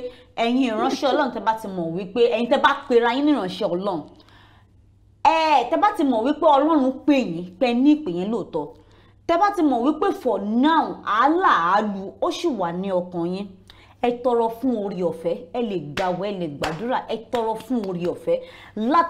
ẹ̀yin ìránṣẹ́ ọlọ́run tẹ́ bá ti mọ̀ wípé ẹ̀yin tẹ́ bá pera yín níránṣẹ́ ọlọ́run ẹ tẹ́ bá ti mọ̀ wípé ọlọ́run pè yín pé ní ìpè yín lóòótọ́ tẹ́ bá ti mọ̀ wípé for now àálàálù ó sì wà ní ọkàn yín ẹ tọrọ fún orí ọ̀fẹ́ ẹ lè gbàwẹ̀ ẹ lè gbàdúrà ẹ tọrọ fún orí ọ̀fẹ́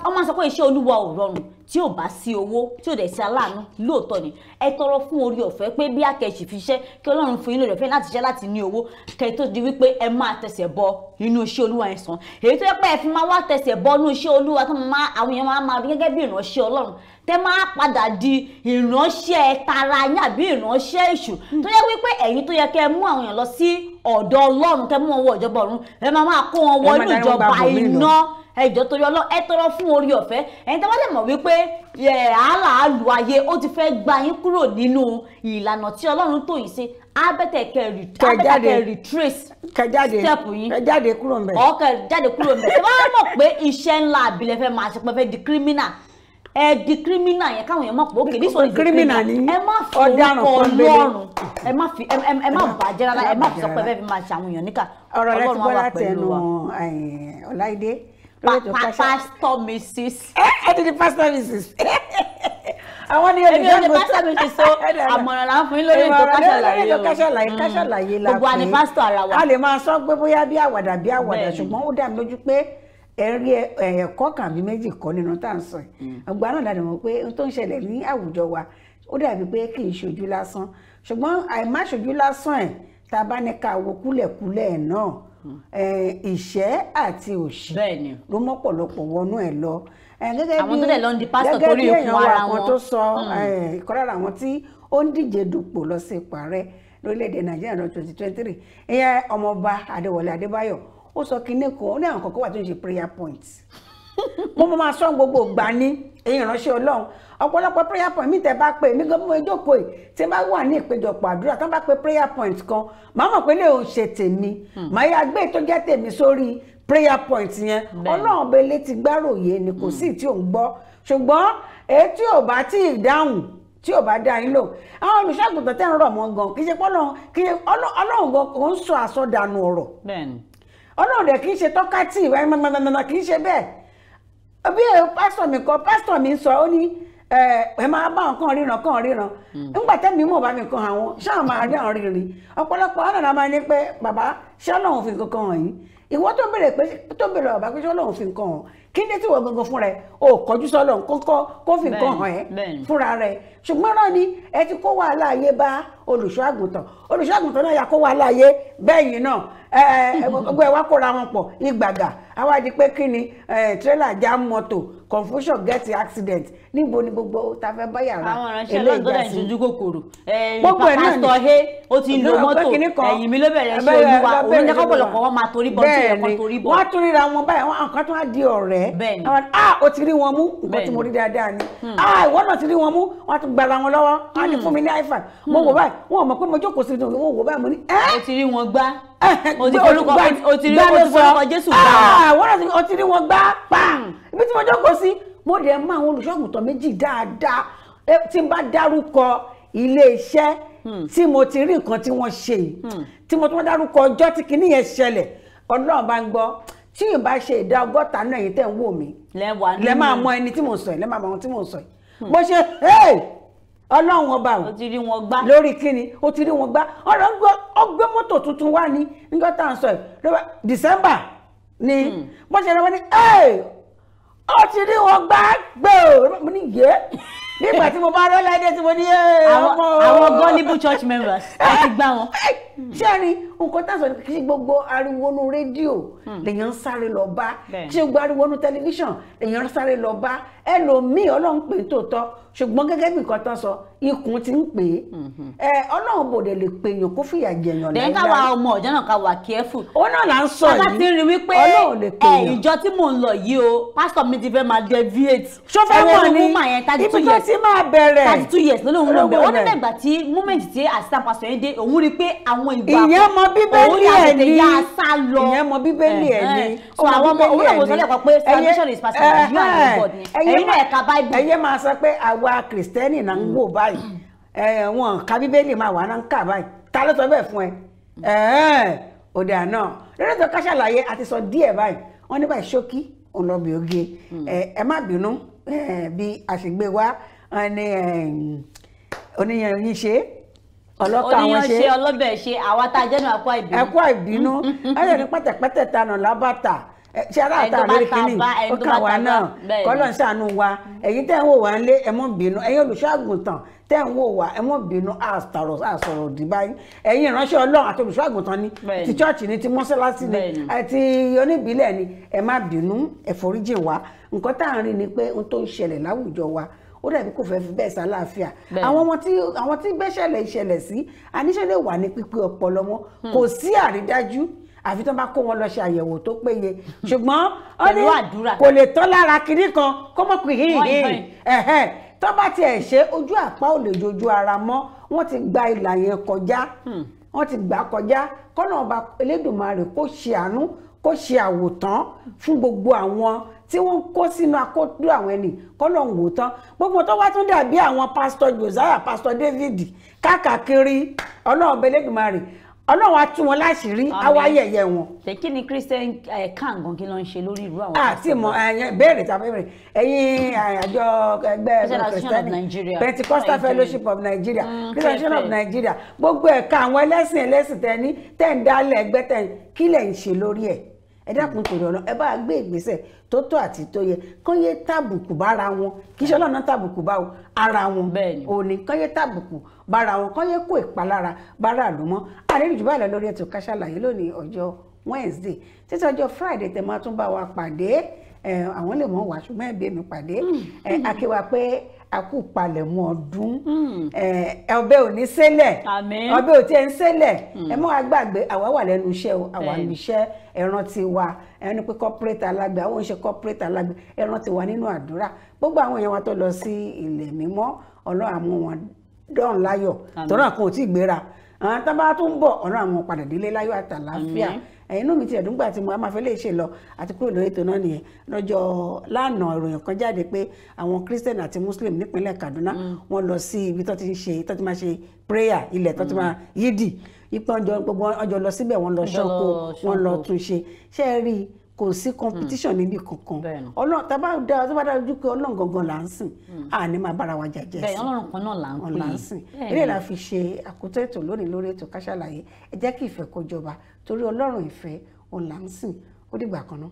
ọmọ sọ pé iṣẹ́ olúwa ò rọrùn tí ò bá sí owó tí ò dẹ̀ sí aláàánú lóòótọ́ ni ẹ tọrọ fún orí ọ̀fẹ́ pé bí àkẹ́sì fi ṣẹ́ kí ọlọ́run fún yín lórí ọ̀fẹ́ láti ṣẹ́ láti ní owó kẹ́ tó di wípé ẹ máa tẹsẹ̀ bọ inú iṣẹ́ olúwa ẹ̀ sàn èyí tó yẹ pé ẹ fi máa wá tẹsẹ̀ bọ inú iṣẹ́ olúwa tó máa àwọn èèyàn máa máa rí gẹ́gẹ́ bí ìránṣẹ́ ọlọ́run tẹ máa padà di ìránṣẹ́ tara yín àbí ìránṣẹ́ èṣù tó yẹ wípé ẹ̀yin tó yẹ kẹ́ mú àwọn èèyàn lọ sí ọ̀dọ̀ ọlọ́run kẹ́ mú wọn wọ ìjọba ọ̀run ẹ máa máa kó wọn wọ inú ìjọba iná ẹjọ́ torí ọlọ́ ẹ tọrọ fún orí ọ̀fẹ́ ẹ̀yin tó bá lè mọ̀ wípé àlàálù ayé ó ti fẹ́ gba yín kúrò nínú ìlànà tí ọlọ́run tò yín sí abẹ́tẹ̀kẹ̀ retrace step yín kẹjáde kúrò ń bẹ̀ ọkẹ jáde kúrò ń bẹ̀ tó bá mọ̀ pé iṣẹ́ ńlá àbílẹ̀ fẹ́ máa ṣe pé fẹ́ di criminal ẹ di criminal yẹn káwọn èèyàn mọ̀ pé òkè ní sọ̀rọ̀ criminal ni ẹ má fi orúkọ ọlọ́run ẹ má fi ẹ má bàjẹ́ rárá ẹ má fi sọ pé ẹ fẹ́ fi máa ṣe àwọn èèyàn níkà ọlọ́run wà pẹ̀lú wa. ọ̀rọ̀ rẹ ti gbọ́ láti Ọláìdé pastor mrs. Eh, ẹ ti di pastor mrs. àwọn ni olùdókòwò èmi ò ní pastor mrs o àmọ̀ràn là yín lórí ètò káṣàlàyé o káṣàlàyé mm. káṣàlàyé la fún gbogbo àní pastor ara wa. a lè máa sọ pé bóyá bí àwàdà bí àwàdà ṣùgbọ́n ó dà mí lójú pé ẹ̀rí ẹ̀kọ́ kan bí méjì kọ́ nínú tá à ń sọ yìí ọgbà mm. náà dàdí mọ̀ pé ohun tó ń ṣẹlẹ̀ ní àwùjọ wa ó dàbí pé kì í ṣojú lásán ṣùgbọ́n àìmáṣojú lásán ẹ̀ tá a bá ní ká wo kúlẹ̀kúlẹ̀ náà ìṣẹ́ àti òṣì ló mọ́pọ̀lọpọ̀ wọnú ẹ̀ lọ gẹ́gẹ́ bí gẹ́gẹ́ bí èèyàn wa kan tó sọ hmm. ìkọ́lára àwọn tí ó ń díje dupò lọ sí ìparẹ́ lórílẹ̀‐èdè nàìjíríà lọ twenty twenty three ìyẹn ọmọọba adéwọlé adébáyọ̀ ó sọ kinní kan ó ní àwọn kọ̀ọ̀kan wà tó ń ṣe prayer point mo máa sọ gbogbo ìgbà ní èyí ìránṣẹ́ ọlọ́run ọ̀pọ̀lọpọ̀ prayer point mi tẹ́ bá pè mí gan mọ́ ìjókòó yìí tí bá wà ní ìpéjọpọ̀ àdúrà tán bá pe prayer point kan màá mọ̀ pé lè ò ṣe tèmi hmm. màá yà gbé tó jẹ́ tèmi sórí prayer point yẹn ọlọ́run belé ti gbáròyé ni kò sí hmm. tí ò ń gbọ́ ṣùgbọ́n èyí tí ò bá tí ì dáhùn tí ò bá dá yín lò àwọn olùṣàgùntàn tẹ́ ń rọ̀ mọ́ gan kì í ṣe pọ́nà kì í ṣe ọlọ́run gan kò ń sọ àsọdànù ọ̀rọ̀ ọlọ́run dẹ̀ kì í ṣe tọ́kátì kì í ṣe bẹ́ẹ̀ bí pásítọ̀ mi kan pásítọ̀ mi sọ ó ní ẹ máa bá wọn kàn ríran kàn ríran hmm. nígbà tẹ́mi mọ̀ bá mi kan àwọn ṣáà máa rí àwọn rìnrìn ọ̀pọ̀lọpọ̀ ọ̀nà la máa ní pé bàbá ṣọ́lọ́hún fi kankan hàn yín ìwọ tó béèrè pé tó béèrè bàbá pé ṣọ́lọ́hún fi nǹkan hàn kí ni tí wọ́n gangan fúnra ẹ̀ o kọjú sọ́lọ́hún kó fi nǹkan hàn ẹ́ fúnra rẹ̀ ṣùgbọ́n náà ni ẹ ti kó wàhálà ayé bá olùṣọ́ àgùntàn olùṣọ́ àgùntàn náà yà kó wà láàyè bẹ́yìn náà gbogbo ẹ̀ wá kóra wọn pọ̀ ìgbàgà àwa di pé kí ni tírélà já mọ́tò confusion get accident níbo ni gbogbo ta fẹ́ bá yàrá ilé ìjàsí gbogbo ẹ̀ náà ni pásítọ̀ he ó ti lo mọ́tò ẹ̀yìn mi ló bẹ̀rẹ̀ ṣe olúwa òun jẹ́ kọ́pọ̀lọpọ̀ wọn máa torí bọ́ tí ẹ̀kọ́ torí bọ́ wọ́n tún ríra wọn báyìí àwọn kan tún á di ọ̀rẹ́ àwọn ah o ti rí wọn mú nǹkan tí mo rí dáadáa ni ah ìwọ náà ti rí wọn mú wọ́n ti gbàra wọn lọ́wọ́ wọ́n á ní hmm. fún mi ní high five mo hmm. wò báyìí wọn ò mọ̀ pé mo jókòó sí ìdánwò wò báyìí mo ní. o ti rí wọn gbá o ti forúkọ o ti rí forúkọ Jésù gbá. Ah, wọ́n náà o ti rí wọn gbá pàm ibi tí mo jókòó sí mo dẹ̀ mọ àwọn olùṣọ́àgùntàn méjì dáadáa tí n bá dárúkọ ilé iṣẹ́ hmm. tí mo ti rí nǹkan tí wọ́n ṣe yìí hmm. tí mo tún dárúkọ ọjọ́ tí kinní yẹn ṣẹlẹ̀ Ọlọ́run bá ń gbọ́ tí n bá ṣe ìdá ọgọ́ta náà èyí tẹ̀ ń wò mí lẹ́ máa mọ ẹni tí mò sọ yìí lẹ́ máa mọ ohun tí mò sọ yìí hmm. mo ṣe ọlọ́run ọba o ti rí wọn gbá lórí kíni o ti rí wọn gbá ọ̀rọ̀ ọgbẹ́ mọ́tò tuntun wá ní nígbà tá à ń sọ ẹ̀ December ni wọ́n hmm. ṣe lọ́wọ́ ní ó ti rí wọn gbá gbòòrò mo ní yé nígbà tí mo bá rọ́lá ẹ̀dẹ́ tí mo ní ọmọ. àwọn gan ni bu church members ẹ ti gbá wọn. ṣé ẹ ní nǹkan tá a sọ ni kí gbogbo ariwo nu rédíò hmm. lèèyàn ń sáré lọ bá kí gbogbo ariwo nu tẹlifíṣàn lèèyàn ń sáré lọ bá ẹlòmíì ọlọ́run pè tòótọ́ ṣùgbọ́n gẹ́gẹ́ bí nǹkan tán sọ ikùn ti ń pè é hmm. ẹ ọlọ́run bòdè lè pè yàn kó fìyà jẹ yàn láíláí. dẹ́ka wa ọmọ ọ̀jọ́ náà ká wà careful. ó náà là ń sọ yìí ọlọ́run ti rí wípé ẹ ìjọ tí mò ń lọ yìí o pásítọ̀ mi ti fẹ́ máa deviate. ṣọfẹ́ wọn ni ibi tó ti máa bẹ̀rẹ̀ thirty two years ló lóun lọ bẹ̀ wọ́n nígbà tí moment tí assistant pastor yẹn dé òun rí pé àwọn ìwà bíbélì àtẹ̀tẹ̀ yá a sá lọ ìyẹn mọ bíbélì ẹ̀ ni so àwọn ọmọ òun náà mo sọlẹ̀ kan pé salvation is personal you are the God ni ẹ̀yin náà ẹ̀ka bible. ẹ̀yẹ́ máa sọ pé àwa kìrìsìtẹ́nì náà ń wò báyìí mm. wọn ka bíbélì máa wà náà ń kà báyìí ta ló sọ bẹ́ẹ̀ fún ẹ òde àná lórí ètò Ká Sálàyé àti sọ díẹ̀ báyìí wọ́n ní báyìí ṣókí òun lọ bí oge mm. ẹ má bínú bí àṣìgbè wa ni oníyanyin ṣe ọlọ́kọ̀ àwọn ṣe oníyanṣẹ́ ọlọ́bẹ̀ ṣe àwa tá a jẹ́nu àkọ́ ìbínú. ẹ̀kọ́ ìbínú ẹ̀yọ̀ mm-hmm. ní pẹ̀tẹ̀pẹ̀tẹ̀ tanà lábàtà ṣe ara àtà lórí kínní ó kà wá náà kọ́lọ̀ ń ṣàánú wa ẹ̀yin tẹ́ ń wò wá nílé ẹ mọ́ bínú ẹ̀yin olùṣọ́àgùntàn tẹ́ ń wò wá ẹ mọ́ bínú àsọ̀rọ̀ àsọ̀rọ̀ òdì ẹ̀yin ìránṣẹ́ ọlọ́run àti olùṣọ́àgùntàn ni ti chọ́ọ̀chì ni ti mọ́ṣáláṣí ni àti oníbílẹ̀ ni ẹ má bínú ẹ foríjìn wa nǹkan tá à ń rí ni pé ohun tó ń ṣẹlẹ̀ láwùjọ wa ó dàbí kò fẹ́ẹ́ fi bẹ́ẹ̀ sálàáfíà àwọn ọmọ tí àwọn tí gbẹ́sẹ̀lẹ̀ ìṣẹ̀lẹ̀ sí àníṣe lè wà ní pípé ọpọlọ wọn hmm. kò sí àrídájú àfi tó bá kó wọn lọ ṣe àyẹ̀wò tó péye ṣùgbọ́n ó ní kò lè tán lára kinní kan kó mọ̀ pé hìhìn ẹ̀hẹ́ tó bá tiẹ̀ ṣe ojú àpá tí wọ́n kó sínú akótó àwọn ẹni kọ́lọ̀ ń wò tán gbogbo tó wá tún dàbí àwọn pásítọ̀ Josiah pásítọ̀ David káàkiri ọlọ́run belédùmarè ọlọ́run á tú wọn láṣìírí á wá yẹ̀yẹ́ wọn. ṣé kí ni christian kàǹgàn kí ló ń ṣe lórí irú àwọn. àti mọ béèrè tàbí béèrè ẹ̀yin àjọ ẹgbẹ́ christian pentecostal fellowship of nigeria mm, christian of nigeria gbogbo ẹ̀ka àwọn ẹlẹ́sìn ẹlẹ́sìn tẹ ní tẹ̀ ń dálẹ̀ ẹgbẹ́ tẹ̀ kí lẹ̀ ń ṣe lórí ẹ̀ ẹ dákun torí ọ̀nà ẹ bá gbé ìgbésẹ̀ tó tọ́ àti tó yẹ kán yé tàbùkù bára wọn kì í ṣe ọlọ́run tàbùkù bá ara wọn òní kán yé tàbùkù bára wọn kán yé kó ìpalára bára àlù mọ́ àrẹ́rìn jù báyìí lórí ètò Ká lónìí ọjọ́ Wednesday títí ọjọ́ Friday tẹ̀ máa tún bá wa pàdé àwọn lè mọ̀ wá ṣùgbọ́n ẹ̀ bí èmi pàdé hmm. akéwà pé àkúpalẹ̀mọ́ ọdún hmm. ọbẹ̀ ò ní ṣẹlẹ̀ ọbẹ̀ ò tiẹ̀ ń ṣẹlẹ̀ hmm. ẹ mọ́ agbàgbé àwa wà lẹ́nu iṣẹ́ o àwa ní iṣẹ́ ẹran ti wa ẹni pé corporate alágbè àwọn oníṣẹ́ corporate alágbè ẹran ti wa nínú àdúrà gbogbo àwọn èèyàn wa tó lọ sí ilẹ̀ mímọ́ ọlọ́run àmú wọn dán láyọ̀ tọ́lá kan ò tí ì gbéra àwọn tábà tó ń bọ̀ ọlọ́run àwọn padà délé láyọ̀ àtàlàáfíà inú mi ti ẹ̀dùn gbà tí mo máa fẹ́ lè ṣe lọ àti kúrò lórí ètò náà nìyẹn lọ́jọ́ lánàá ìròyìn kan jáde pé àwọn Christian àti Muslim nípínlẹ̀ Kaduna mm. wọ́n lọ sí ibi tó ti ń ṣe tó ti máa ṣe prayer ilẹ̀ tó ti máa mm. yídì ipò ọjọ́ gbogbo ọjọ́ lọ síbẹ̀ wọ́n lọ ṣọ́kó wọ́n lọ túnṣe ṣé ẹ rí i kò sí competition hmm. níbi kankan ọlọ́run tá a bá da tó bá dájú pé ọlọ́run gangan là ń sìn à hmm. ní máa bára wa jàjẹ sí bẹ́ẹ̀ ọlọ́run kan náà là ń pè é là ń sìn eré la fi ṣe àkótó ètò lónìí lórí ètò Ká ẹ jẹ́ kí ìfẹ́ kó jọba torí ọlọ́run ìfẹ́ òun là ń sìn ó dìgbà kan náà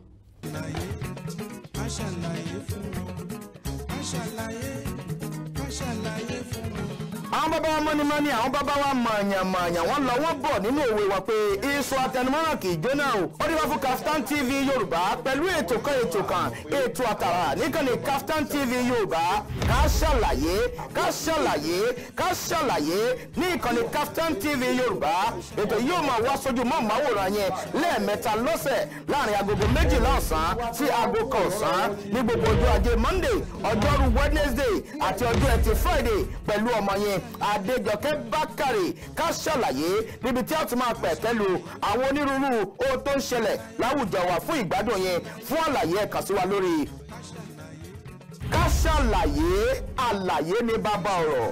àwọn bàbá wa mọ́nimọ́ni àwọn bàbá wa mọ̀nyàmọ̀nyà wọ́n lọ wọ́n bọ̀ nínú òwe wa pé èso àtẹnumọ́ràn kì í jóná o ó dé fún Kaftan TV Yorùbá pẹ̀lú ètò kan ètò kan ètò àtàrà níkànnì Kaftan TV Yorùbá ká ṣàlàyé ká ṣàlàyé ká ṣàlàyé ní ìkànnì Kaftan TV Yorùbá ètò yóò máa wá sójú mọ́ màwòrán yẹn lẹ́ẹ̀mẹ́ta lọ́sẹ̀ láàrin agogo méjìlá ọ̀sán sí aago kan ọ̀sán ní gbogbo ọjọ́ ajé Monday ọjọ́rú Wednesday àti ọjọ́ ẹtì Friday pẹ̀lú ọmọ yẹn Adéjọkẹ́ Bákàrè ká ṣàlàyé níbi tí a ti máa pẹ̀kẹ́ lu àwọn onírúurú ohun tó ń ṣẹlẹ̀ láwùjọ wa fún ìgbádùn yẹn fún àlàyé ẹ sí wa lórí ká ṣàlàyé àlàyé ní bàbá ọ̀rọ̀.